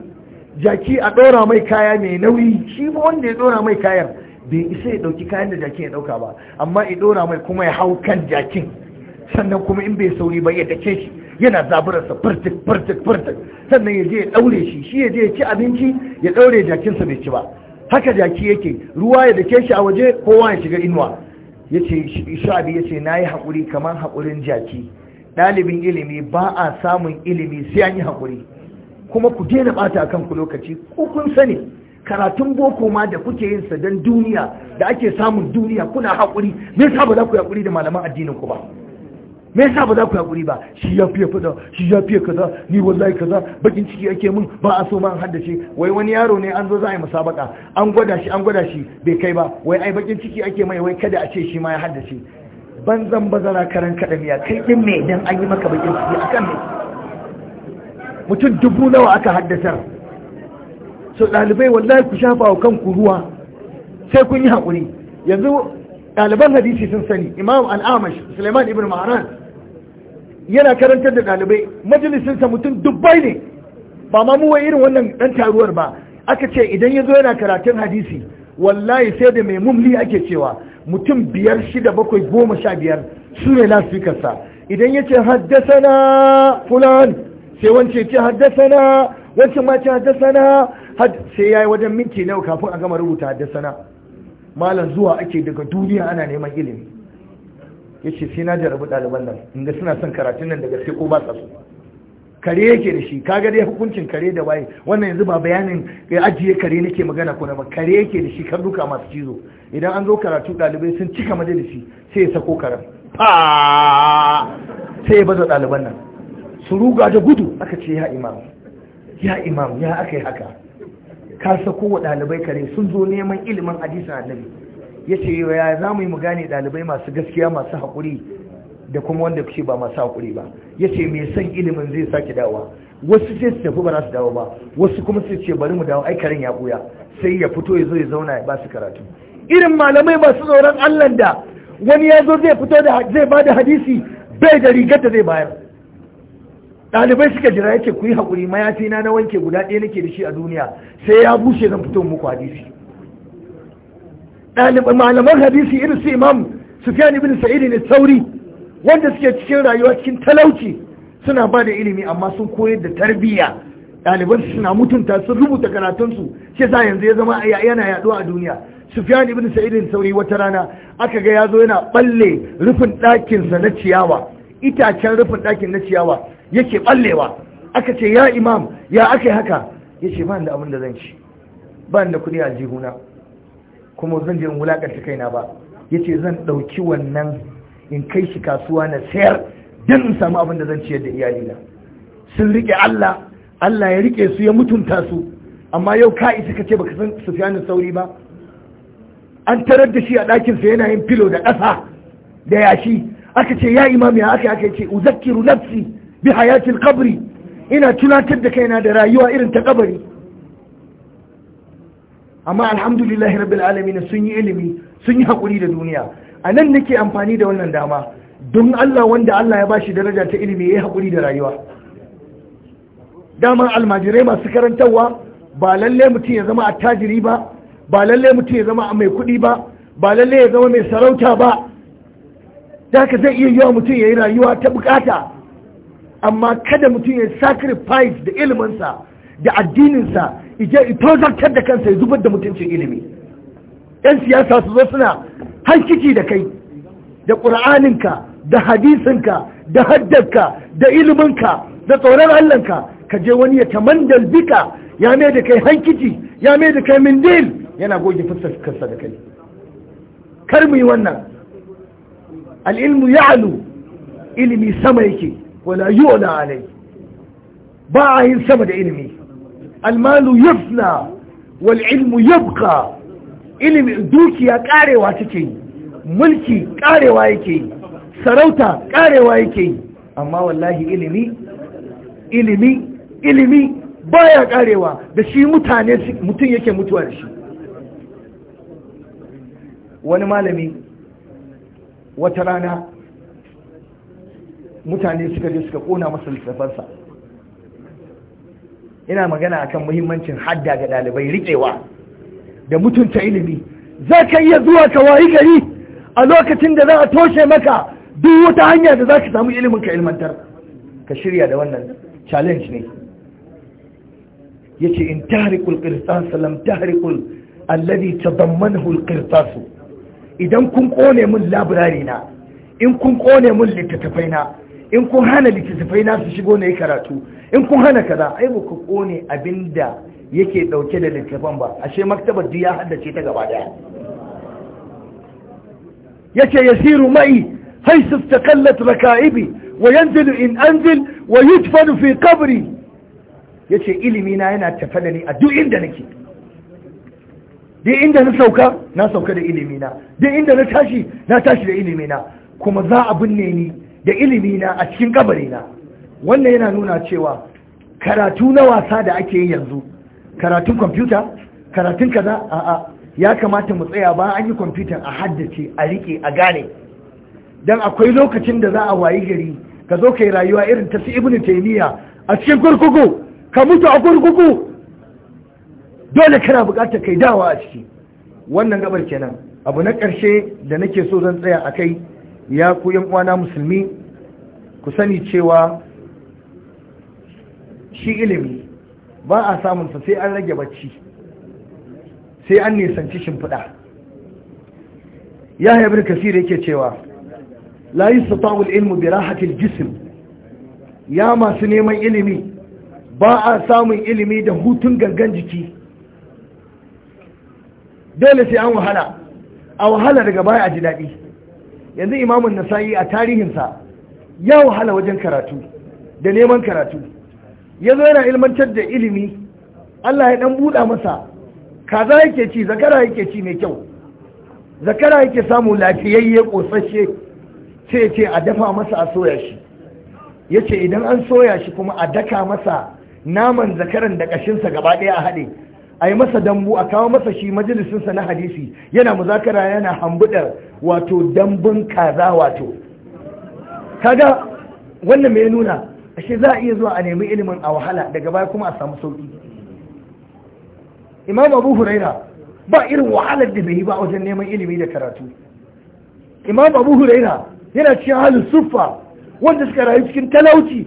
jaki a ɗora mai kaya mai nauyi shi wanda ya ɗora mai kayan bai isa ya ɗauki kayan da jakin ya ɗauka ba amma ya ɗora mai kuma ya hau kan jakin sannan kuma in bai sauri ba ya dake shi yana zaburarsa furtik furtik furtik sannan ya je ya ɗaure shi shi ya je ya ci abinci ya ɗaure jakinsa bai ci ba haka jaki yake ruwa ya dake shi a waje kowa ya shiga inuwa ya ce shabi ya ce na yi haƙuri kamar haƙurin jaki ɗalibin ilimi ba a samun ilimi sai an yi haƙuri kuma ku daina bata akan ku lokaci ku kun sani karatun boko ma da kuke yin sa don duniya da ake samun duniya kuna haƙuri me yasa ba za ku haƙuri da malaman addinin ku ba me yasa ba za ku haƙuri ba shi ya fiye fada shi ya fiye kaza ni wallahi kaza bakin ciki ake min ba a so an haddace wai wani yaro ne an zo za a yi musabaka an gwada shi an gwada shi bai kai ba wai ai bakin ciki ake mai wai kada a ce shi ma ya haddace banzan bazara karan kada kai din me dan an yi maka bakin ciki akan me mutum dubu nawa aka haddasar so ɗalibai wallahi ku shafa wa kanku ruwa sai kun yi haƙuri yanzu ɗaliban hadisi sun sani imam al'amash suleiman ibn ma'aran yana karantar da ɗalibai majalisinsa mutum dubbai ne ba ma mu irin wannan ɗan taruwar ba aka ce idan ya zo yana karatun hadisi wallahi sai da mai mumli ake cewa mutum biyar shida bakwai goma sha biyar su ne lasikarsa idan yace haddasa na fulan sai wance ce haddasana wance ma ce haddasana sai ya yi wajen minti nawa kafin a gama rubuta haddasana malam zuwa ake daga duniya ana neman ilimi ya ce sai na jarabu ɗaliban nan inda suna son karatun nan da gaske ko ba su kare yake da shi kaga dai hukuncin kare da waye wannan yanzu ba bayanin ya ajiye kare nake magana ko na ba kare yake da shi kan duka masu cizo idan an zo karatu ɗalibai sun cika majalisi sai ya sako karen, sai ya baza ɗaliban nan su ruga da gudu aka ce ya imam ya imam ya aka yi haka ka sako wa ɗalibai kare sun zo neman ilimin hadisin annabi ya ce ya za mu yi mu gane ɗalibai masu gaskiya masu haƙuri da kuma wanda kuke ba masu haƙuri ba ya ce mai son ilimin zai sake dawa wasu sai su tafi ba za su dawo ba wasu kuma su ce bari mu dawo ai karen ya ɓuya sai ya fito ya zo ya zauna ba su karatu irin malamai masu tsoron allah da wani ya zo zai fito da zai ba da hadisi bai da rigar da zai bayar ɗalibai suka jira yake ku yi haƙuri mayafi na na wanke guda ɗaya nake da shi a duniya sai ya bushe zan fito muku hadisi ɗalibai malaman hadisi irin su imam sufyan ibn sa'id ne sauri wanda suke cikin rayuwa cikin talauci suna ba da ilimi amma sun koyar da tarbiyya ɗaliban suna mutunta sun rubuta karatunsu shi sa yanzu ya zama yana yaduwa a duniya sufyan ibn sa'id sauri wata rana aka ga ya zo yana ɓalle rufin ɗakinsa na ciyawa itacen rufin ɗakin na ciyawa yake ballewa aka ce ya imam ya aka haka ya ce ba da abin da zan ci ba da kudi a jihuna kuma zan je in wulakanta kaina ba ya ce zan ɗauki wannan in kai shi kasuwa na sayar don in samu abin da zan ciyar da iyalina sun riƙe Allah Allah ya riƙe su ya mutunta su amma yau ka isa ka ce baka san Sufyanu Sauri ba an tarar da shi a ɗakin sa yana yin filo da ƙasa da yashi aka ce ya imam ya aka aka ce uzakkiru nafsi bi hayakin kabari ina tunatar da kaina da rayuwa irin ta kabari amma alhamdulillahi rabbil alamin sun yi ilimi sun yi hakuri da duniya a nan nake amfani da wannan dama don Allah wanda Allah ya bashi daraja ta ilimi ya hakuri da rayuwa dama almajirai masu karantarwa ba lalle mutum ya zama attajiri ba ba lalle mutum ya zama mai kuɗi ba ba lalle ya zama mai sarauta ba da haka zai iya yiwa mutum ya yi rayuwa ta bukata amma kada mutum ya sacrifice da iliminsa da addininsa ije tozartar da kansa ya zubar da mutuncin ilimi yan siyasa su zo suna hankiki da kai da ƙura'aninka da hadisinka da haddarka da iliminka da tsoron allanka ka je wani ya taman dalbika ya mai da kai hankiki ya mai da kai mindil yana goge fuskarsa da kai kar mu yi wannan al'ilmu ya'alu ilimi sama yake wala yu'la alai ba a yin sama da ilimi almalu yafna wal ilmu yabqa ilimi dukiya karewa take mulki karewa yake sarauta karewa yake amma wallahi ilimi ilimi ilimi baya karewa da shi mutane mutum yake mutuwa da shi wani malami wata rana mutane suka je suka kona masa littafansa ina magana akan muhimmancin hadda ga ɗalibai riƙewa da mutunta ilimi za ka iya zuwa ka wayi gari a lokacin da za a toshe maka duk wata hanya da za ka samu ilimin ka ilmantar ka shirya da wannan challenge ne yace in tahrikul qirtas lam tahrikul alladhi tadammanahu alqirtas idan kun kone mun labirari na in kun kone mun littattafai na in kun hana littattafai na su shigo na yi karatu in kun hana kaza ai ba ku kone abin da yake dauke da littattafan ba ashe maktabar duk ya haddace ta gaba daya yace yasiru mai haisu takallat raka'ibi wa yanzilu in anzil wa yudfanu fi qabri yace ilimi na yana tafe da ni a duk inda nake duk inda na sauka na sauka da ilimi na duk inda na tashi na tashi da ilimi na kuma za a binne ni da ilimi na a cikin kabari na wannan yana nuna cewa karatu na wasa da ake yi yanzu karatun kwamfuta karatun kaza a'a ya kamata mu tsaya ba an yi kwamfutan a haddace a rike a gane Don akwai lokacin da za a wayi gari ka zo kai rayuwa irin ta su ibnu Taimiyya a cikin kurkuku ka mutu a kurkuku dole kana bukatar kai dawa a ciki wannan gabar kenan abu na ƙarshe da nake so zan tsaya a kai ya ku yan uwana musulmi ku sani cewa shi ilimi ba a samunsa sai an rage bacci sai an nisanci shimfiɗa ya haifar kasir yake cewa layi yi ta'ul ilmu bi rahatil jisim ya masu neman ilimi ba a samun ilimi da hutun gangan jiki dole sai an wahala a wahala daga baya a ji daɗi yanzu imamun nasa'i a tarihinsa ya wahala wajen karatu da neman karatu ya zo yana ilmantar da ilimi Allah ya ɗan buɗa masa kaza yake ci zakara yake ci mai kyau zakara yake samu lafiyayye ƙosashe ce ce a dafa masa a soya shi ya ce idan an soya shi kuma a daka masa naman zakaran da ƙashinsa gaba ɗaya a haɗe a yi masa dambu a kawo masa shi majalisinsa na hadisi yana muzakara yana hambuɗar. wato dambun kaza wato kaga wannan mai nuna ashe za a iya zuwa a nemi ilimin a wahala daga baya kuma a samu sauki imam abu huraira ba irin wahalar da bai yi ba wajen neman ilimi da karatu imam abu huraira yana cikin halin suffa wanda suka rayu cikin talauci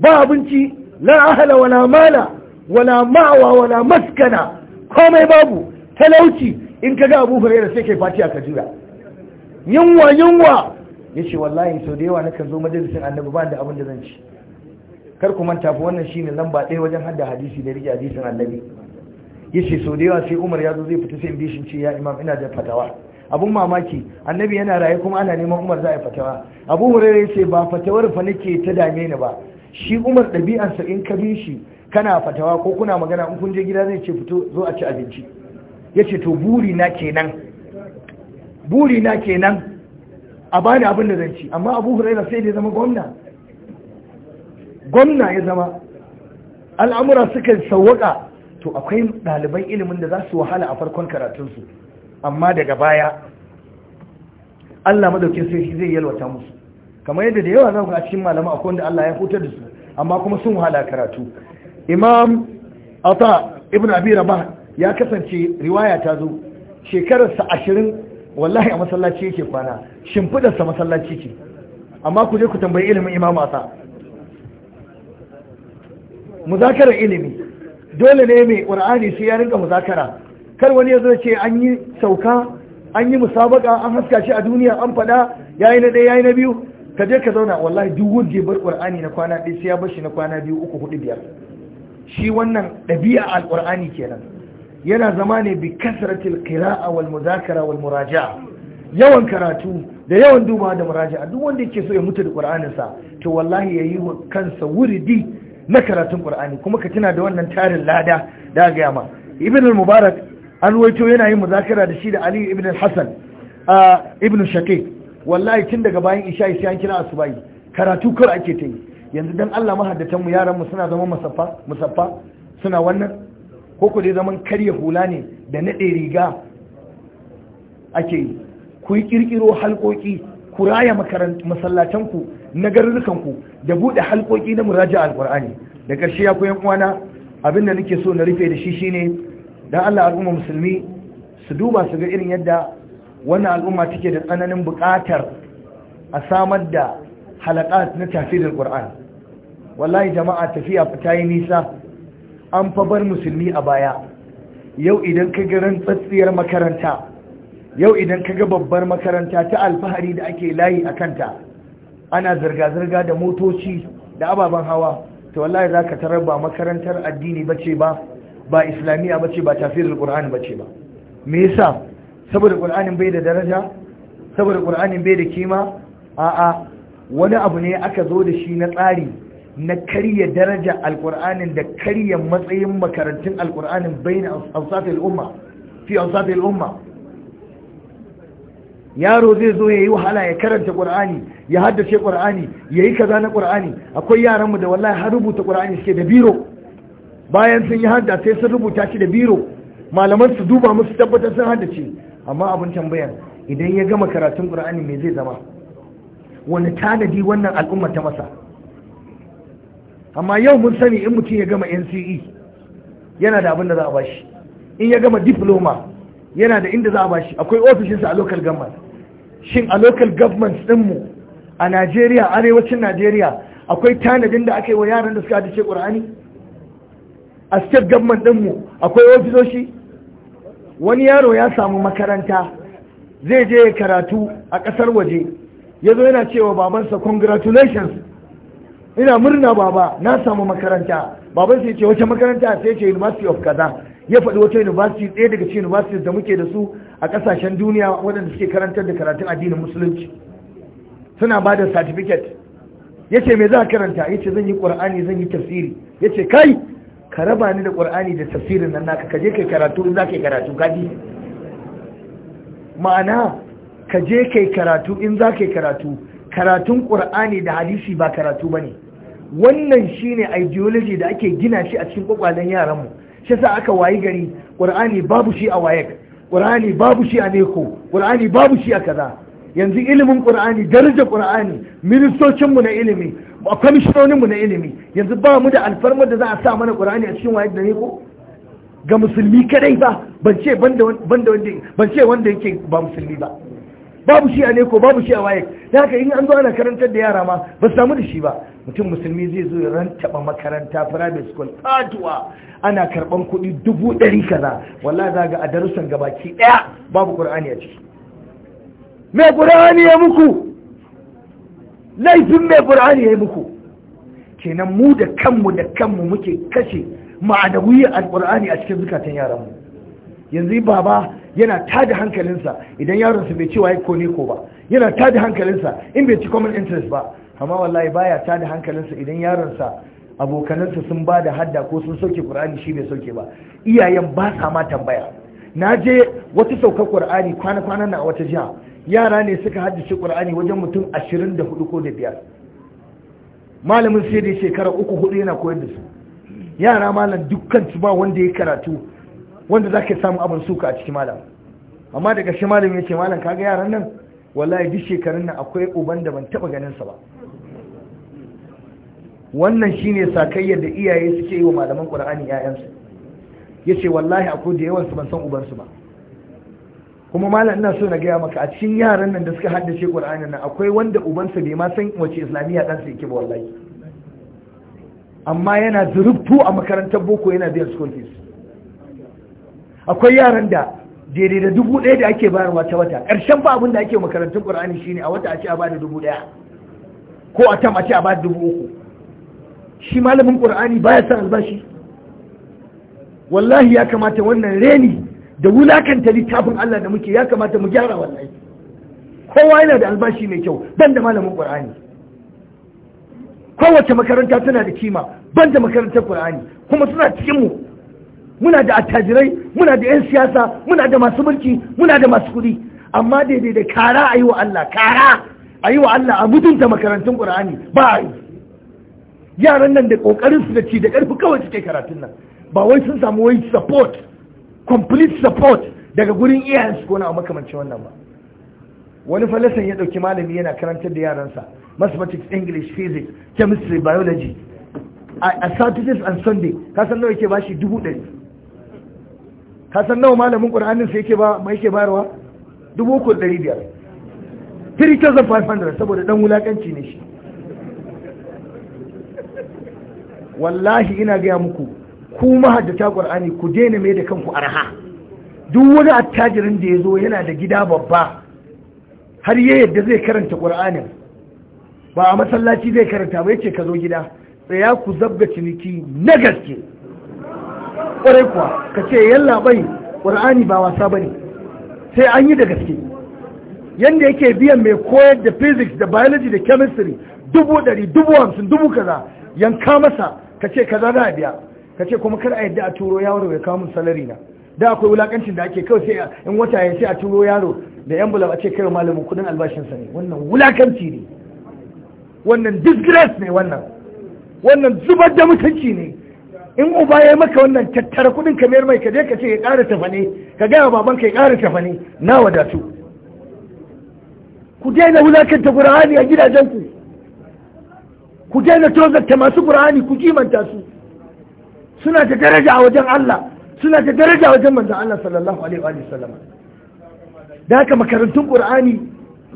ba abinci la ahala wala mala wala ma'awa wala maskana komai babu talauci in ka ga abu huraira sai kai fatiya ka jira yunwa yunwa ya ce wallahi sau da yawa na kan zo majalisin annabi ba da abin da zan ci kar ku manta fi wannan shine lamba ɗaya wajen hadda hadisi da rike hadisin annabi ya ce sau da yawa sai umar ya zo zai fita sai in shi ce ya imam ina da fatawa abun mamaki annabi yana raye kuma ana neman umar za a yi fatawa abu hurairu ya ce ba fatawar fa nake ta dame ni ba shi umar ɗabi'ansa in ka bi shi kana fatawa ko kuna magana in kun je gida zai ce fito zo a ci abinci ya ce to buri na kenan buri na kenan a bani abin da zan ci amma abu huraira sai da ya zama gwamna gwamna ya zama al'amura suka sauwaka to akwai ɗaliban ilimin da za su wahala a farkon karatunsu amma daga baya Allah madauki sai zai yalwata musu kamar yadda da yawa za a cikin malama akwai wanda Allah ya hutar da su amma kuma sun wahala karatu imam ata ibn abi rabah ya kasance riwaya ta zo shekararsa ashirin wallahi a masallaci yake kwana shimfidarsa masallaci ce amma ku je ku tambayi ilimin imamu asa muzakarar ilimi dole ne mai ƙur'ani sai ya rinka muzakara kar wani ya zo ce an yi sauka an yi musabaka an haska shi a duniya an faɗa yi na ɗaya ya yi na biyu ka je ka zauna wallahi duk wanda bar ƙur'ani na kwana ɗaya sai ya bar shi na kwana biyu uku hudu biyar shi wannan ɗabi'a alƙur'ani kenan yana zama ne bi kasratil qira'a wal muzakara wal muraja'a yawan karatu da yawan duba da muraja'a duk wanda yake so ya mutu da qur'anin sa to wallahi yayi kansa wuridi na karatun qur'ani kuma ka tuna da wannan tarin lada da ga yama ibn al-mubarak an waito yana yin muzakara da shi da ali ibn al-hasan ibn shaqiq wallahi tun daga bayan isha sai an kira asubai karatu kar ake ta yi yanzu dan Allah mahaddatan mu yaran mu suna zama musaffa musaffa suna wannan ko ku dai zaman karya hula ne da naɗe riga ake yi ku yi ƙirƙiro halƙoƙi ku raya masallatanku na garurukanku da buɗe halƙoƙi na muraja alƙur'ani da ƙarshe ya ku uwana abinda nake so na rufe da shi shi ne. don Allah al'umma musulmi su duba su ga irin yadda wannan al'umma take da tsananin buƙatar a samar da halaƙa na tafsirin Qur'an wallahi jama'a tafiya fita yi nisa an musulmi a baya yau idan ka ga rantsatsiyar makaranta yau idan ka ga babbar makaranta ta alfahari da ake layi a kanta ana zirga-zirga da motoci da ababen hawa to wallahi za ka tarar ba makarantar addini ba ce ba ba islamiyya ba ce ba tafiyar ƙur'ani ba ce ba me yasa saboda ƙur'anin bai da daraja saboda ƙur'anin bai da kima a'a wani abu ne aka zo da shi na tsari na karya daraja alkur'anin da karya matsayin makarantun alkur'anin bayan ausafil umma fi ausafil umma yaro zai zo ya yi wahala ya karanta ƙur'ani ya haddace ƙur'ani ya yi kaza na ƙur'ani akwai yaranmu da wallahi har rubuta ƙur'ani suke da biro bayan sun yi hadda sai sun rubuta shi da biro malaman su duba musu tabbatar sun haddace amma abin tambayar idan ya gama karatun ƙur'ani me zai zama wani tanadi wannan al'umma ta masa amma yau mun sani in mutum ya gama nce yana da abin da za a bashi in ya gama diploma yana da inda za a bashi akwai ofishinsa a local government shin a local government dinmu a nigeria arewacin Nigeria, akwai tanadin da aka yi wa yaran da suka dace ƙur'ani a state government mu akwai ofisoshi wani yaro ya samu makaranta zai je karatu a ƙasar waje ya zo yana cewa babansa congratulations ina murna baba na samu makaranta baban sai ce wace makaranta sai ce university of kaza ya faɗi wata university ɗaya daga cikin universities da muke da su a ƙasashen duniya waɗanda suke karantar da karatun addinin musulunci suna ba da certificate ya ce me za a karanta ya ce zan yi ƙur'ani zan yi tafsiri ya ce kai ka raba ni da ƙur'ani da tafsirin nan naka ka je kai karatu in za ka yi karatu kaji ma'ana ka je kai karatu in za ka yi karatu karatun ƙur'ani da hadisi ba karatu ba ne wannan shine ideology da ake gina shi a cikin kwakwalen yaranmu shi sa aka wayi gari ƙur'ani babu shi a wayek ƙur'ani babu shi a neko ƙur'ani babu shi a kaza yanzu ilimin ƙur'ani darajar ƙur'ani ministocinmu na ilimi kwamishinoninmu na ilimi yanzu ba mu da alfarmar da za a sa mana ƙur'ani a cikin wayek da neko ga musulmi kadai ba ban ce wanda yake ba musulmi ba babu shi a neko babu shi a wayek da haka in an zo ana karantar da yara ma ba su samu da shi ba mutum musulmi zai zo ran taba makaranta private school fatuwa ana karban kuɗi dubu ɗari kaza wallahi za ga a darussan gabaki ɗaya babu qur'ani a ciki Me ƙur'ani ya muku laifin me ƙur'ani ya muku kenan mu da kanmu da kanmu muke kashe ma'anawiyar alƙur'ani a cikin zukatan mu. yanzu baba yana tada hankalinsa idan yaron su bai ce waye ko ne ko ba yana tada hankalinsa in bai ci common interest ba amma wallahi baya ta da hankalinsa idan yaronsa abokanansa sun ba da hadda ko sun sauke qur'ani shi bai sauke ba iyayen ba sa ma tambaya na je wata saukar kur'ani kwana kwana na wata jiha yara ne suka haddace kur'ani wajen mutum ashirin da hudu ko da biyar malamin sai dai shekara uku hudu yana koyar da su yara malam dukkan su ba wanda ya karatu wanda za ka samu abin suka a ciki malam amma daga shi malam ya ce malam kaga yaran nan wallahi duk shekarun nan akwai uban da ban taba ganin sa ba wannan shine sakayyar da iyaye suke yi wa malaman qur'ani yayansu yace wallahi akwai da yawan su ban san ubansu ba kuma malam ina so na gaya maka a cikin yaran nan da suka haddace qur'anin nan akwai wanda ubansa bai ma san wace islamiyya dan sa yake ba wallahi amma yana zurubtu a makarantar boko yana biyan school fees akwai yaran da daidai da dubu ɗaya da ake bayarwa ta wata ƙarshen ba abin da ake makarantar qur'ani shine a wata a ce a bada dubu ɗaya ko a tam a ce a bada dubu uku shi malamin ba ya sa albashi wallahi ya kamata wannan reni da wulakanta littafin Allah da muke ya kamata mu gyara wallahi kowa yana da albashi mai kyau ban da malamin qur'ani kowace makaranta tana da kima ban da makarantar qur'ani kuma suna cikin mu muna da attajirai muna da 'yan siyasa muna da masu mulki muna da masu kuɗi amma daidai da kara a yi wa Allah kara a yi wa Allah a mutunta makarantun ƙur'ani ba a yi yaran nan da kokarin su da ci da karfi kawai suke karatun nan ba wai sun samu wai support complete support daga gurin su ko na makamancin wannan ba wani falasan ya dauki malami yana karantar da yaransa mathematics english physics chemistry biology a saturdays and sunday ka san nawa yake bashi dubu ɗari Ka san nawa malamin qur'anin sa yake ba mai yake bayarwa dubu uku ɗari biyar 3500 saboda ɗan wulaƙanci ne shi wallahi ina gaya muku ku mahaddata qur'ani ku daina mai da kanku arha duk wani attajirin da ya zo yana da gida babba har ya yadda zai karanta qur'ani ba a masallaci zai karanta ba yace ka zo gida tsaya ku zabga ciniki na gaske kwarai kuwa ka ce yalla bai qur'ani ba wasa bane sai an yi da gaske yanda yake biyan mai koyar da physics da biology da chemistry dubu dari dubu hamsin dubu kaza yanka masa ka ce kaza za a biya ka ce kuma kar a yadda a turo yaro ya kawo min salari na da akwai wulakancin da ake kawai sai in wata ya sai a turo yaro da yan bulab a ce kai malamin kudin albashinsa ne wannan wulakanci ne wannan disgrace ne wannan wannan zubar da mutunci ne in uba ya maka wannan tattara kudin ka mai ka je ka ce ya ƙara ne ka gaya baban ka ya ƙara ne na wadatu ku daina wulakanta qur'ani a gidajen ku ku daina tozarta masu qur'ani ku kimanta su suna da daraja a wajen Allah suna da daraja a wajen manzon Allah sallallahu alaihi wa sallam da haka makarantun qur'ani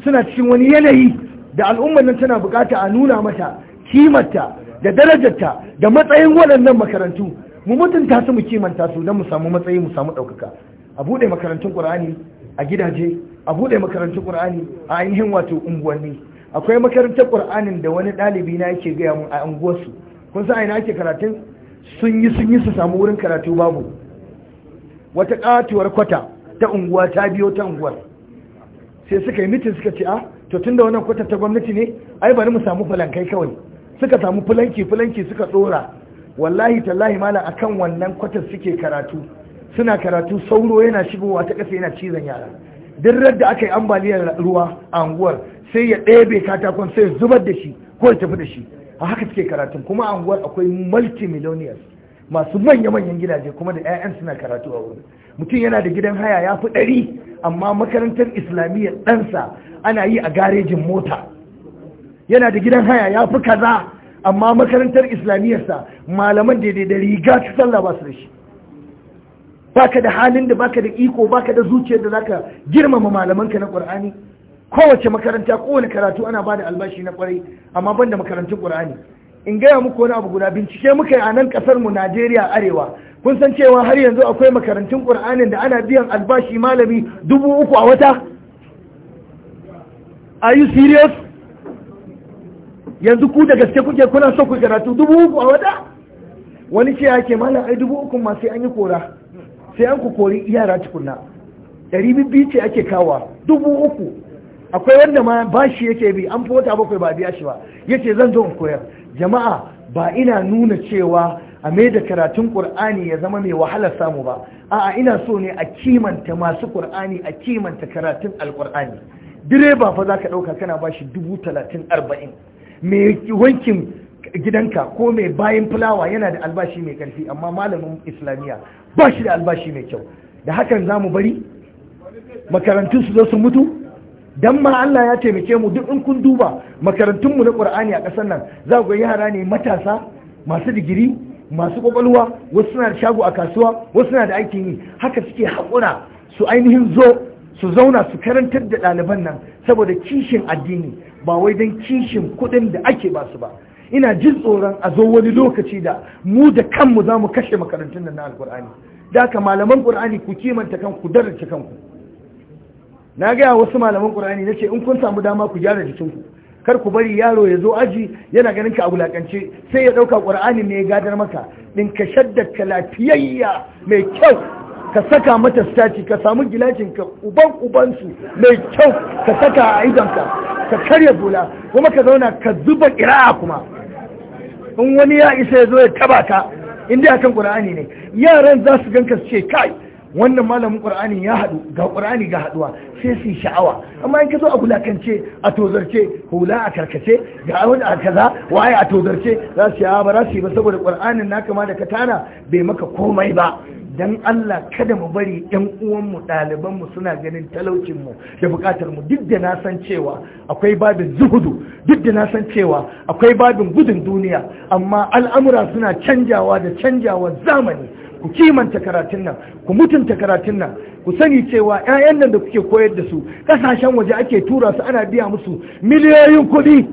suna cikin wani yanayi da al'ummar nan tana bukata a nuna mata kimarta da darajarta da matsayin waɗannan makarantu mu mutunta su mu kimanta su don mu samu matsayi mu samu ɗaukaka a buɗe makarantun qur'ani a gidaje a buɗe makarantun ƙur'ani a ainihin wato unguwanni akwai makarantar ƙur'anin da wani ɗalibi na yake gaya mun a unguwarsu kun sa aina ake karatu? sun yi sun yi su samu wurin karatu babu wata ƙatuwar kwata ta unguwa ta biyo ta unguwar sai suka yi mitin suka ce a ah, to tunda wannan kwata ta gwamnati ne ai bari mu samu falankai kawai suka samu fulanki fulanki suka tsora. wallahi tallahi malam akan wannan kwatar suke karatu suna karatu sauro yana shigowa ta kasa yana cizon yara duk da aka yi ambaliyar ruwa a unguwar. sai ya ɗebe katakon sai zubar da shi ko ya tafi da shi a haka suke karatun kuma a unguwar akwai multimillionaires masu manya-manyan gidaje kuma da 'ya'yan suna karatu a wurin mutum yana da gidan haya ya fi ɗari amma makarantar islamiyyar ɗansa ana yi a garejin mota yana da gidan haya ya fi kaza amma makarantar islamiyyarsa malaman daidai da riga ta sallah ba su da shi baka da halin da baka da iko baka da zuciyar da zaka girmama malamanka na ƙur'ani kowace makaranta kowane karatu ana bada albashi na kwarai amma banda makarantun qur'ani in gaya muku wani abu guda bincike muka yi a nan kasar mu Najeriya arewa kun san cewa har yanzu akwai makarantun qur'anin da ana biyan albashi malami dubu uku a wata are you serious yanzu ku da gaske kuke kuna so ku karatu dubu uku a wata wani ce ake malam ai dubu uku ma sai an yi kora sai an ku kori yara tukunna ɗari bibbi ce ake kawa dubu uku akwai wanda ma bashi yake bi an fota bakwai ba biya shi ba yace zan zo in koyar jama'a ba ina nuna cewa a mai da karatun ƙur'ani ya zama mai wahalar samu ba a'a ina so ne a kimanta masu ƙur'ani a kimanta karatun alqur'ani direba fa za ka ɗauka kana ba shi dubu talatin arba'in mai wankin gidanka ko mai bayan fulawa yana da albashi mai karfi amma malamin islamiyya ba shi da albashi mai kyau da hakan za mu bari makarantun su zo su mutu dan ma Allah ya taimake mu duk in kun duba makarantunmu na Qur'ani a ƙasar nan za ku ga yara ne matasa masu digiri masu kwakwalwa wasu suna da shago a kasuwa wasu suna da aikin yi haka suke haƙura su ainihin zo su zauna su karantar da ɗaliban nan saboda kishin addini ba wai dan kishin kuɗin da ake ba su ba ina jin tsoron a zo wani lokaci da mu da kanmu za mu kashe makarantun nan na alkur'ani da haka malaman ƙur'ani ku kimanta kanku daraja kanku na gaya wasu malaman ƙur'ani na ce in kun samu dama ku gyara jikinku kar ku bari yaro ya zo aji yana ganin ka a wulakance sai ya ɗauka ƙur'ani ne ya gadar maka ɗin ka shadda ka lafiyayya mai kyau ka saka mata staci ka samu gilashin ka uban ubansu mai kyau ka saka a idonka ka karya bula kuma ka zauna ka zuba ƙira'a kuma in wani ya isa ya zo ya taba ka in dai akan ƙur'ani ne yaran za su ganka su ce kai wannan malamin qur'ani ya haɗu ga qur'ani ga haɗuwa sai su sha'awa amma in ka zo a gulakance a tozarce hula a karkace ga wani a kaza waye a tozarce za su ya ah, ba za su yi ba saboda qur'anin na kama da ka tara bai maka komai ba dan Allah kada mu bari yan uwanmu ɗalibanmu suna ganin mu da buƙatar mu duk da na san cewa akwai babin zuhudu duk da na san cewa akwai babin gudun duniya amma al'amura suna canjawa da canjawa zamani ku kimanta karatun nan ku mutunta karatun nan ku sani cewa 'ya'yan nan da kuke koyar da su kasashen waje ake tura su ana biya musu miliyoyin kuɗi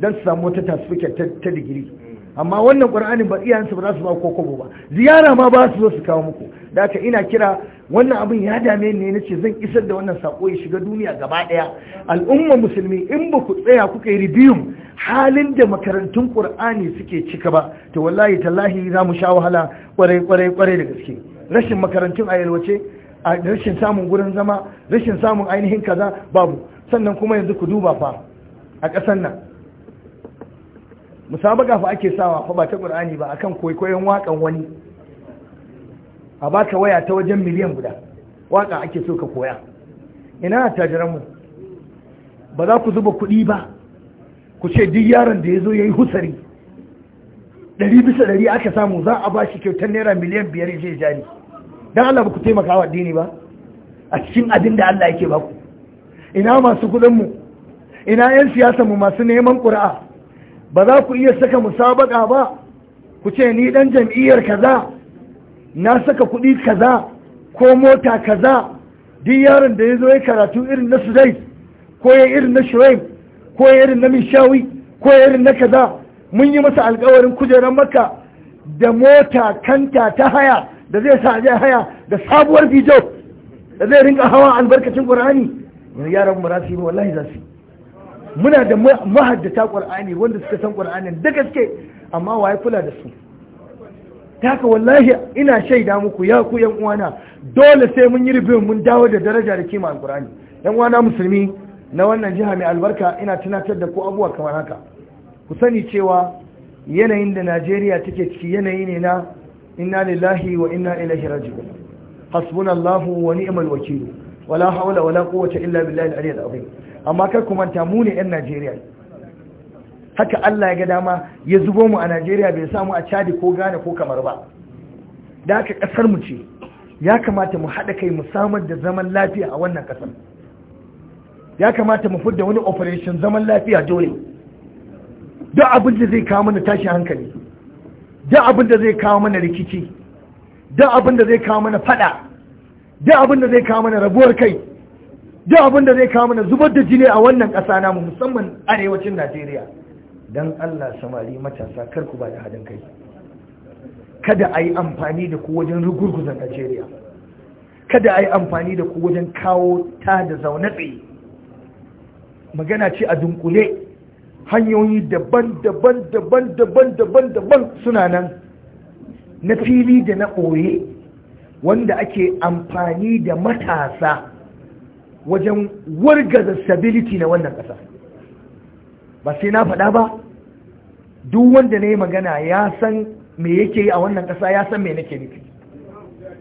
don su samu wata tasfiket ta digiri amma wannan ƙur'anin ba iyayensu ba za su ba ko kobo ba ziyara ma ba su zo su kawo muku da haka ina kira wannan abin ya dame ni ne ce zan isar da wannan sako ya shiga duniya gaba ɗaya. al'umma musulmi in ba ku tsaya kuka yi ribiyun halin da makarantun ƙur'ani suke cika ba to wallahi tallahi za mu sha wahala kwarai kwarai ƙwarai da gaske rashin makarantun a yalwace rashin samun gurin zama rashin samun ainihin kaza babu sannan kuma yanzu ku duba fa a ƙasar nan musabaka fa ake sawa fa ba ta qur'ani ba akan koyoyin wakan wani a baka waya ta wajen miliyan guda waka ake so ka koya ina tajiran mu ba za ku zuba kuɗi ba ku ce duk yaron da ya zo ya yi husari ɗari bisa ɗari aka samu za a ba shi kyautar naira miliyan biyar ya ja jari don Allah ba ku taimaka wa addini ba a cikin abin da Allah yake ba ku ina masu kuɗinmu ina 'yan siyasa mu masu neman ƙuri'a? ba za ku iya saka musabaka ba ku ce ni dan jam'iyyar kaza na saka kuɗi kaza ko mota kaza duk yaron da ya zo ya karatu irin na sudai ko ya irin na shuraim ko ya irin na mishawi ko ya irin na kaza mun yi masa alkawarin kujerar maka da mota kanta ta haya da zai sa ajiyar haya da sabuwar bijo da zai rinka hawa albarkacin ƙur'ani yaran mu za wallahi za su yi muna da mahaddata qur'ani wanda suka san qur'anin da gaske amma waye kula da su haka wallahi ina shaida muku ya ku yan uwana dole sai mun yi rubin mun dawo da daraja da kima al-kur'ani. yan uwana musulmi na wannan jiha mai albarka ina tunatar da ku abubuwa kamar haka ku sani cewa yanayin da Najeriya take ciki yanayi ne na inna lillahi wa inna ilaihi raji'un hasbunallahu wa ni'mal wakeel wala hawla wala quwwata illa billahi al-aliyyil azim amma kar ku manta mu ne 'yan najeriya haka allah ya ga dama ya zubo mu a najeriya bai samu a cadi ko gane ko kamar ba da haka ƙasar mu ce ya kamata mu haɗa kai mu samar da zaman lafiya a wannan ƙasar ya kamata mu fudda wani operation zaman lafiya dole duk abin da zai kawo mana tashin hankali duk abin da zai kawo mana rikici duk abin da zai kawo mana fada duk abin da zai kawo mana rabuwar kai duk abin da zai kawo mana zubar da jini a wannan ƙasa namu musamman arewacin najeriya don allah samari matasa kar ku ba da haɗin kai kada a yi amfani da ku wajen rugurguzan najeriya kada a yi amfani da ku wajen kawo ta da zaune tsaye magana ce a dunkule hanyoyi daban-daban daban-daban daban-daban suna nan na fili da na ɓoye wanda ake amfani da matasa wajen wargaza stability na wannan ƙasa ba sai na faɗa ba duk wanda na yi magana ya san me yake yi a wannan ƙasa ya san me nake nufi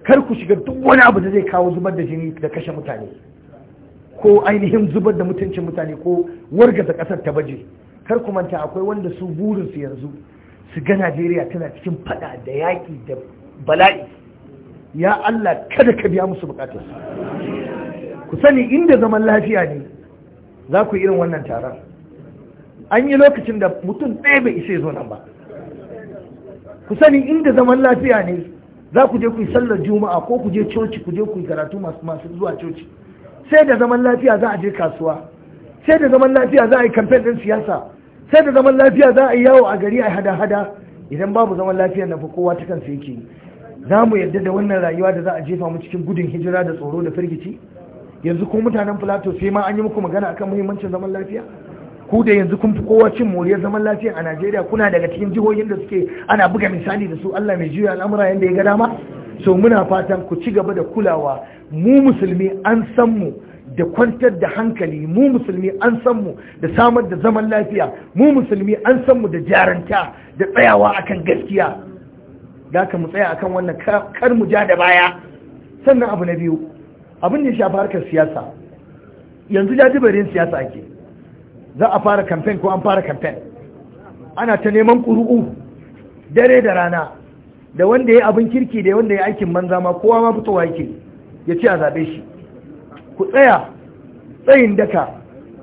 kar ku shiga duk wani abu da zai kawo zubar da jini da kashe mutane ko ainihin zubar da mutuncin mutane ko wargaza ƙasar ta baje kar ku manta akwai wanda su burinsu yanzu su ga najeriya tana cikin faɗa da yaƙi da bala'i ya allah kada ka biya musu bukatarsu ku sani inda zaman lafiya ne za ku irin wannan taron an yi lokacin da mutum ɗaya bai isa zo nan ba ku sani inda zaman lafiya ne za ku je ku yi sallar juma'a ko ku je coci ku je ku yi karatu masu zuwa coci sai da zaman lafiya za a je kasuwa sai da zaman lafiya za a yi kamfen ɗin siyasa sai da zaman lafiya za a yi yawo a gari a hada-hada idan babu zaman lafiya na fa kowa ta kansa yake za mu yarda da wannan rayuwa da za a jefa mu cikin gudun hijira da tsoro da firgici yanzu ko mutanen Filato sai ma an yi muku magana akan muhimmancin zaman lafiya ku da yanzu kun fi kowa cin moriyar zaman lafiya a najeriya kuna daga cikin jihohin da suke ana buga misali da su allah mai juya al'amura yadda ya ga dama so muna fatan ku ci gaba da kulawa mu musulmi an san mu da kwantar da hankali mu musulmi an san mu da samar da zaman lafiya mu musulmi an san mu da jaranta da tsayawa akan gaskiya da ka mu tsaya akan wannan kar mu ja da baya sannan abu na biyu abin da ya shafi harkar siyasa yanzu jajibarin siyasa ake za a fara kamfen ko an fara kamfen ana ta neman ƙuru'u dare da rana da wanda ya abin kirki da wanda ya aikin manza ma kowa ma fitowa yake ya ci a zaɓe shi ku tsaya tsayin daka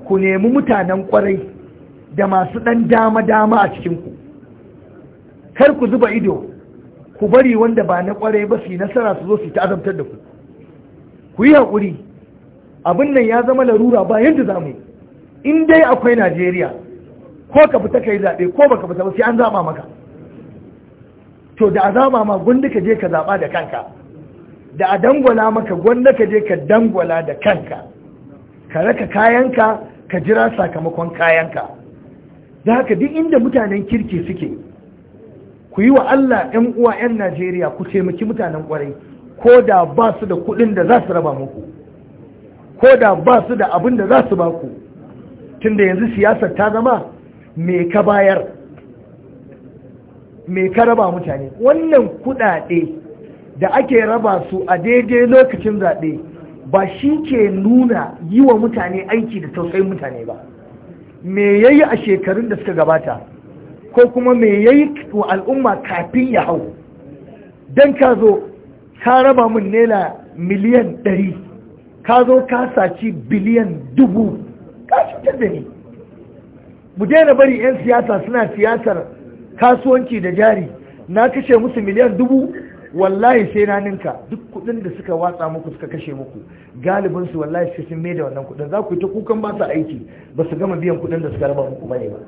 ku nemi mutanen kwarai da masu ɗan dama-dama a cikinku kar ku zuba ido ku bari wanda ba na kwarai ba su yi nasara su zo su ta azabtar da ku ku yi haƙuri abin nan ya zama larura ba yadda za mu yi in dai akwai najeriya ko ka fita ka yi zaɓe ko baka fita ba sai an zaɓa maka to da a zaɓa ma gwanda ka je ka zaɓa da kanka da a dangwala maka gwanda ka je ka dangwala da kanka ka raka kayanka ka jira sakamakon kayanka da haka duk inda mutanen kirki suke ku yi wa allah 'yan uwa 'yan najeriya ku taimaki mutanen kwarai ko da ba su da kuɗin da za su raba muku ko da ba su da abin da za su ba ku tun da yanzu siyasar ta zama me ka bayar me ka raba mutane wannan kuɗaɗe da ake raba su a daidai lokacin zaɓe ba shi ke nuna yi wa mutane aiki da tausayin mutane ba me ya yi a shekarun da suka gabata ko kuma me ya yi wa al'umma kafin ya hau don ka zo ka raba mun nela miliyan ɗari ka zo ka saci biliyan dubu ka cutar da ni mu daina bari 'yan siyasa suna siyasar kasuwanci da jari na kashe musu miliyan dubu wallahi sai na ninka duk kudin da suka watsa muku suka kashe muku galibin su wallahi sai sun maida wannan kudin za ku yi ta kukan ba su aiki ba su gama biyan kudin da suka raba muku bane ba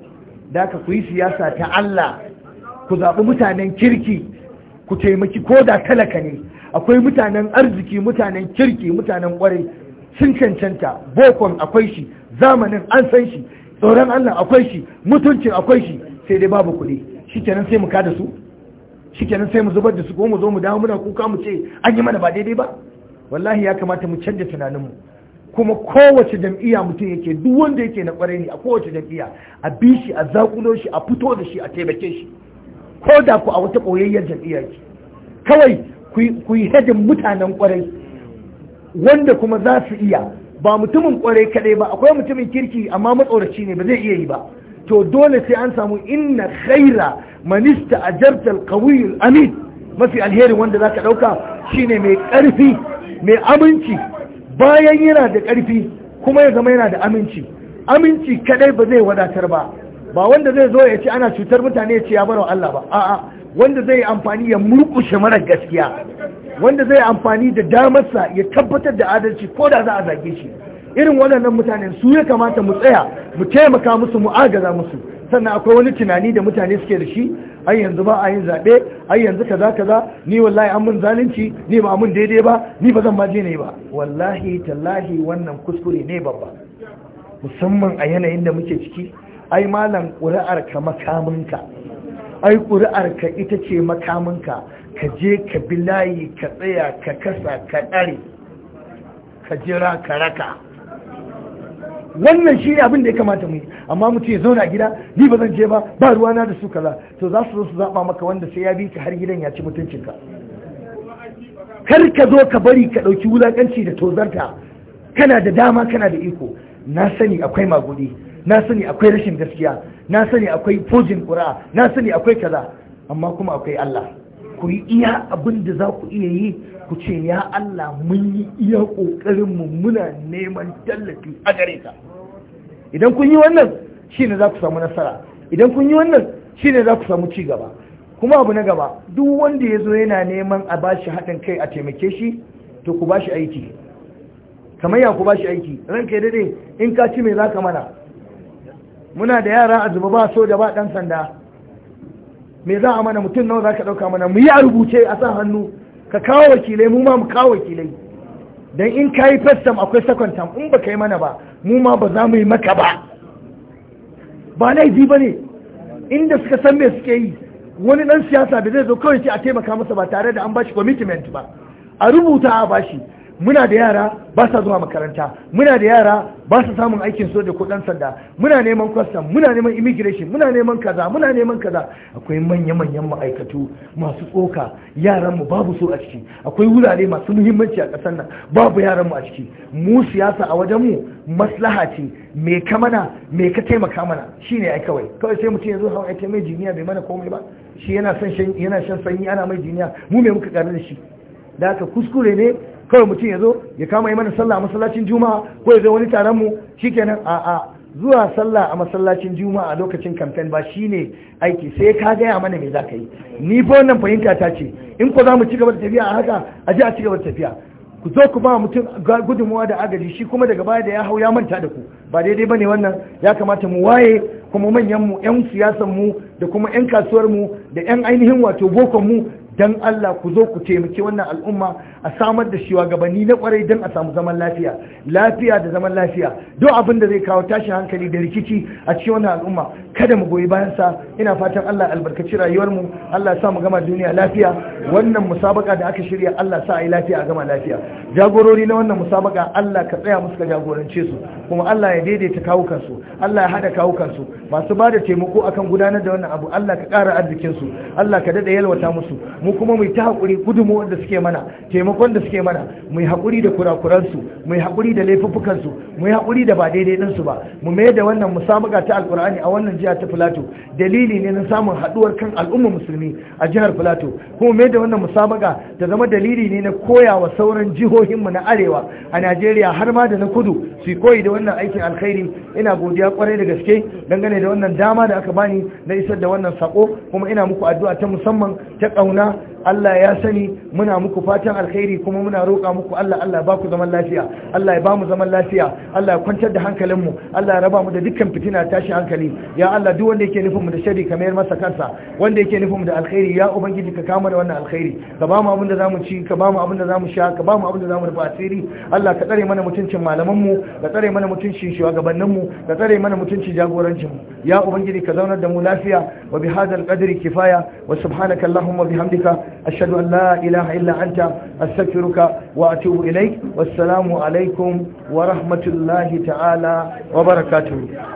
da ka ku yi siyasa ta Allah ku zaɓi mutanen kirki ku taimaki ko da talaka ne akwai mutanen arziki mutanen kirki mutanen kwarai sun cancanta bokon akwai shi zamanin an san shi tsoron allah akwai shi mutuncin akwai shi sai dai babu kuɗi shikenan sai mu kada su shikenan sai mu zubar da su ko mu zo mu dawo muna kuka mu ce an yi mana ba daidai ba wallahi ya kamata mu canja tunaninmu kuma kowace jam'iyya mutum yake duk wanda yake na kwarai ne a kowace jam'iyya a bi shi a zakulo shi a fito da shi a taimake shi ko da ku a wata ɓoyayyar jam'iyya ce kawai ku yi hadin mutanen kwarai wanda kuma za su iya ba mutumin kwarai kaɗai ba akwai mutumin kirki amma matsoraci ne ba zai iya yi ba to dole sai an samu inna khaira manista jartar alqawiyul amin mafi alheri wanda za ɗauka, shi ne mai karfi mai aminci bayan yana da karfi kuma ya zama yana da aminci aminci kaɗai ba zai wadatar ba ba wanda zai zo ya ce ana cutar mutane ya ce ya bar Allah ba a'a wanda zai amfani ya murkushe mara gaskiya wanda zai amfani da damarsa ya tabbatar da adalci ko da za a zage shi irin waɗannan mutane su ya kamata mu tsaya mu taimaka musu mu agaza musu sannan akwai wani tunani da mutane suke da shi ai yanzu ba a yin zaɓe ai yanzu kaza kaza ni wallahi an mun zalunci ni ba mun daidai ba ni ba zan ma je ne ba wallahi tallahi wannan kuskure ne babba musamman a yanayin da muke ciki ai malam ƙuri'ar ka makaminka ai ƙuri'ar ka ita ce makaminka ka je ka bi layi ka tsaya ka kasa ka ɗare ka jira ka raka wannan shi ne abin da ya kamata mu yi amma mutum ya zauna a gida ni ba zan je ba ba ruwana da su kaza to za su zo su zaɓa maka wanda sai ya bi ka har gidan ya ci mutuncinka kar ka zo ka bari ka ɗauki wulaƙanci da tozarta kana da dama kana da iko na sani akwai magudi na sani akwai rashin gaskiya na sani akwai fojin ƙura'a na sani akwai kaza amma kuma akwai Allah ku yi iya abin da za ku iya yi ku ce ya Allah mun yi iya ƙoƙarin muna neman tallafi a gare ka idan kun yi wannan shi ne za ku samu nasara idan kun yi wannan shi ne za ku samu ci gaba kuma abu na gaba duk wanda ya zo yana neman a ba shi haɗin kai a taimake shi to ku ba shi aiki kamar ya ku ba shi aiki ranka dade in ka ci mai za ka mana muna da yara a zuba ba so da ba ɗan sanda me za a mana mutum nawa za ka ɗauka mana mu yi a rubuce a sa hannu ka kawo wakilai mu ma mu kawo wakilai don in ka yi festam akwai second term in ba ka yi mana ba mu ma ba za mu yi maka ba ba laifi ba ne inda suka san me suke yi wani dan siyasa da zai zo kawai ce a taimaka masa ba tare da an bashi commitment ba a rubuta a bashi muna da yara ba sa zuwa makaranta muna da yara ba sa samun aikin soja ko dan sanda muna neman kwastam muna neman immigration muna neman kaza muna neman kaza akwai manya-manyan ma'aikatu masu tsoka yaranmu babu so a ciki akwai wurare masu muhimmanci a ƙasar nan babu yaranmu a ciki mu siyasa a wajenmu maslaha ce me ka mana me ka taimaka mana shine ai kawai kawai sai mutum ya zo hawa ita mai jiniya bai mana komai ba shi yana son yana shan sanyi ana mai jiniya mu me muka ƙaru da shi da haka kuskure ne kawai mutum ya zo ya kama yi mana sallah a masallacin juma'a ko ya zo wani taron mu shikenan a a zuwa sallah a masallacin juma'a a lokacin kamfen ba shine aiki sai ka gaya mana me zaka yi ni fa wannan fahimta ta ce in ko za mu ci gaba da tafiya a haka a ji a ci gaba da tafiya ku zo ku ba mutum gudunmuwa da agaji shi kuma daga baya da ya hau ya manta da ku ba daidai ba ne wannan ya kamata mu waye kuma manyan mu yan siyasan mu da kuma yan kasuwar mu da yan ainihin wato bokon mu dan Allah ku zo ku taimaki wannan al'umma a samar da gabanni na kwarai don a samu zaman lafiya lafiya da zaman lafiya don abin da zai kawo tashin hankali da rikici a cikin wannan al'umma kada mu goyi bayan sa ina fatan Allah albarkaci rayuwar mu Allah ya sa mu gama duniya lafiya wannan musabaka da aka shirya Allah sa ai lafiya a gama lafiya jagorori na wannan musabaka Allah ka tsaya musu ka jagorance su kuma Allah ya daidaita kawukan su Allah ya hada kawukan su masu ba da taimako akan gudanar da wannan abu Allah ka kara arzikin su Allah ka dada yalwata musu mu kuma mu yi ta hakuri gudumo da suke mana taimako taimakon da suke mana mu yi haƙuri da kurakuransu mu yi haƙuri da laifuffukansu mu yi haƙuri da ba daidai ɗinsu ba mu mai da wannan musabaqa ta alƙur'ani a wannan jiha ta filato dalili ne na samun haɗuwar kan al'umma musulmi a jihar filato kuma mai da wannan musabaqa ta zama dalili ne na koya wa sauran jihohinmu na arewa a najeriya har ma da na kudu su koyi da wannan aikin alkhairi ina godiya kwarai da gaske dangane da wannan dama da aka bani na isar da wannan sako kuma ina muku addu'a ta musamman ta ƙauna Allah ya sani muna muku fatan alkhairi kuma muna roƙa muku Allah Allah ba ku zaman lafiya Allah ya ba mu zaman lafiya Allah ya kwantar da hankalin mu. Allah ya raba mu da dukkan fitina tashi hankali ya Allah duk wanda yake nufin mu da shari kamar masa kansa wanda yake nufin mu da alkhairi ya ubangiji ka kama da wannan alkhairi ka ba mu abin da zamu ci ka ba mu abin da zamu sha ka ba mu abin da zamu rufa asiri Allah ka tsare mana mutuncin malaman mu ka tsare mana mutuncin shugabannin mu ka tsare mana mutuncin jagorancin mu ya ubangiji ka zaunar da mu lafiya wa bihadal qadri kifaya wa subhanaka allahumma bihamdika أشهد أن لا إله إلا أنت أستغفرك وأتوب إليك والسلام عليكم ورحمة الله تعالى وبركاته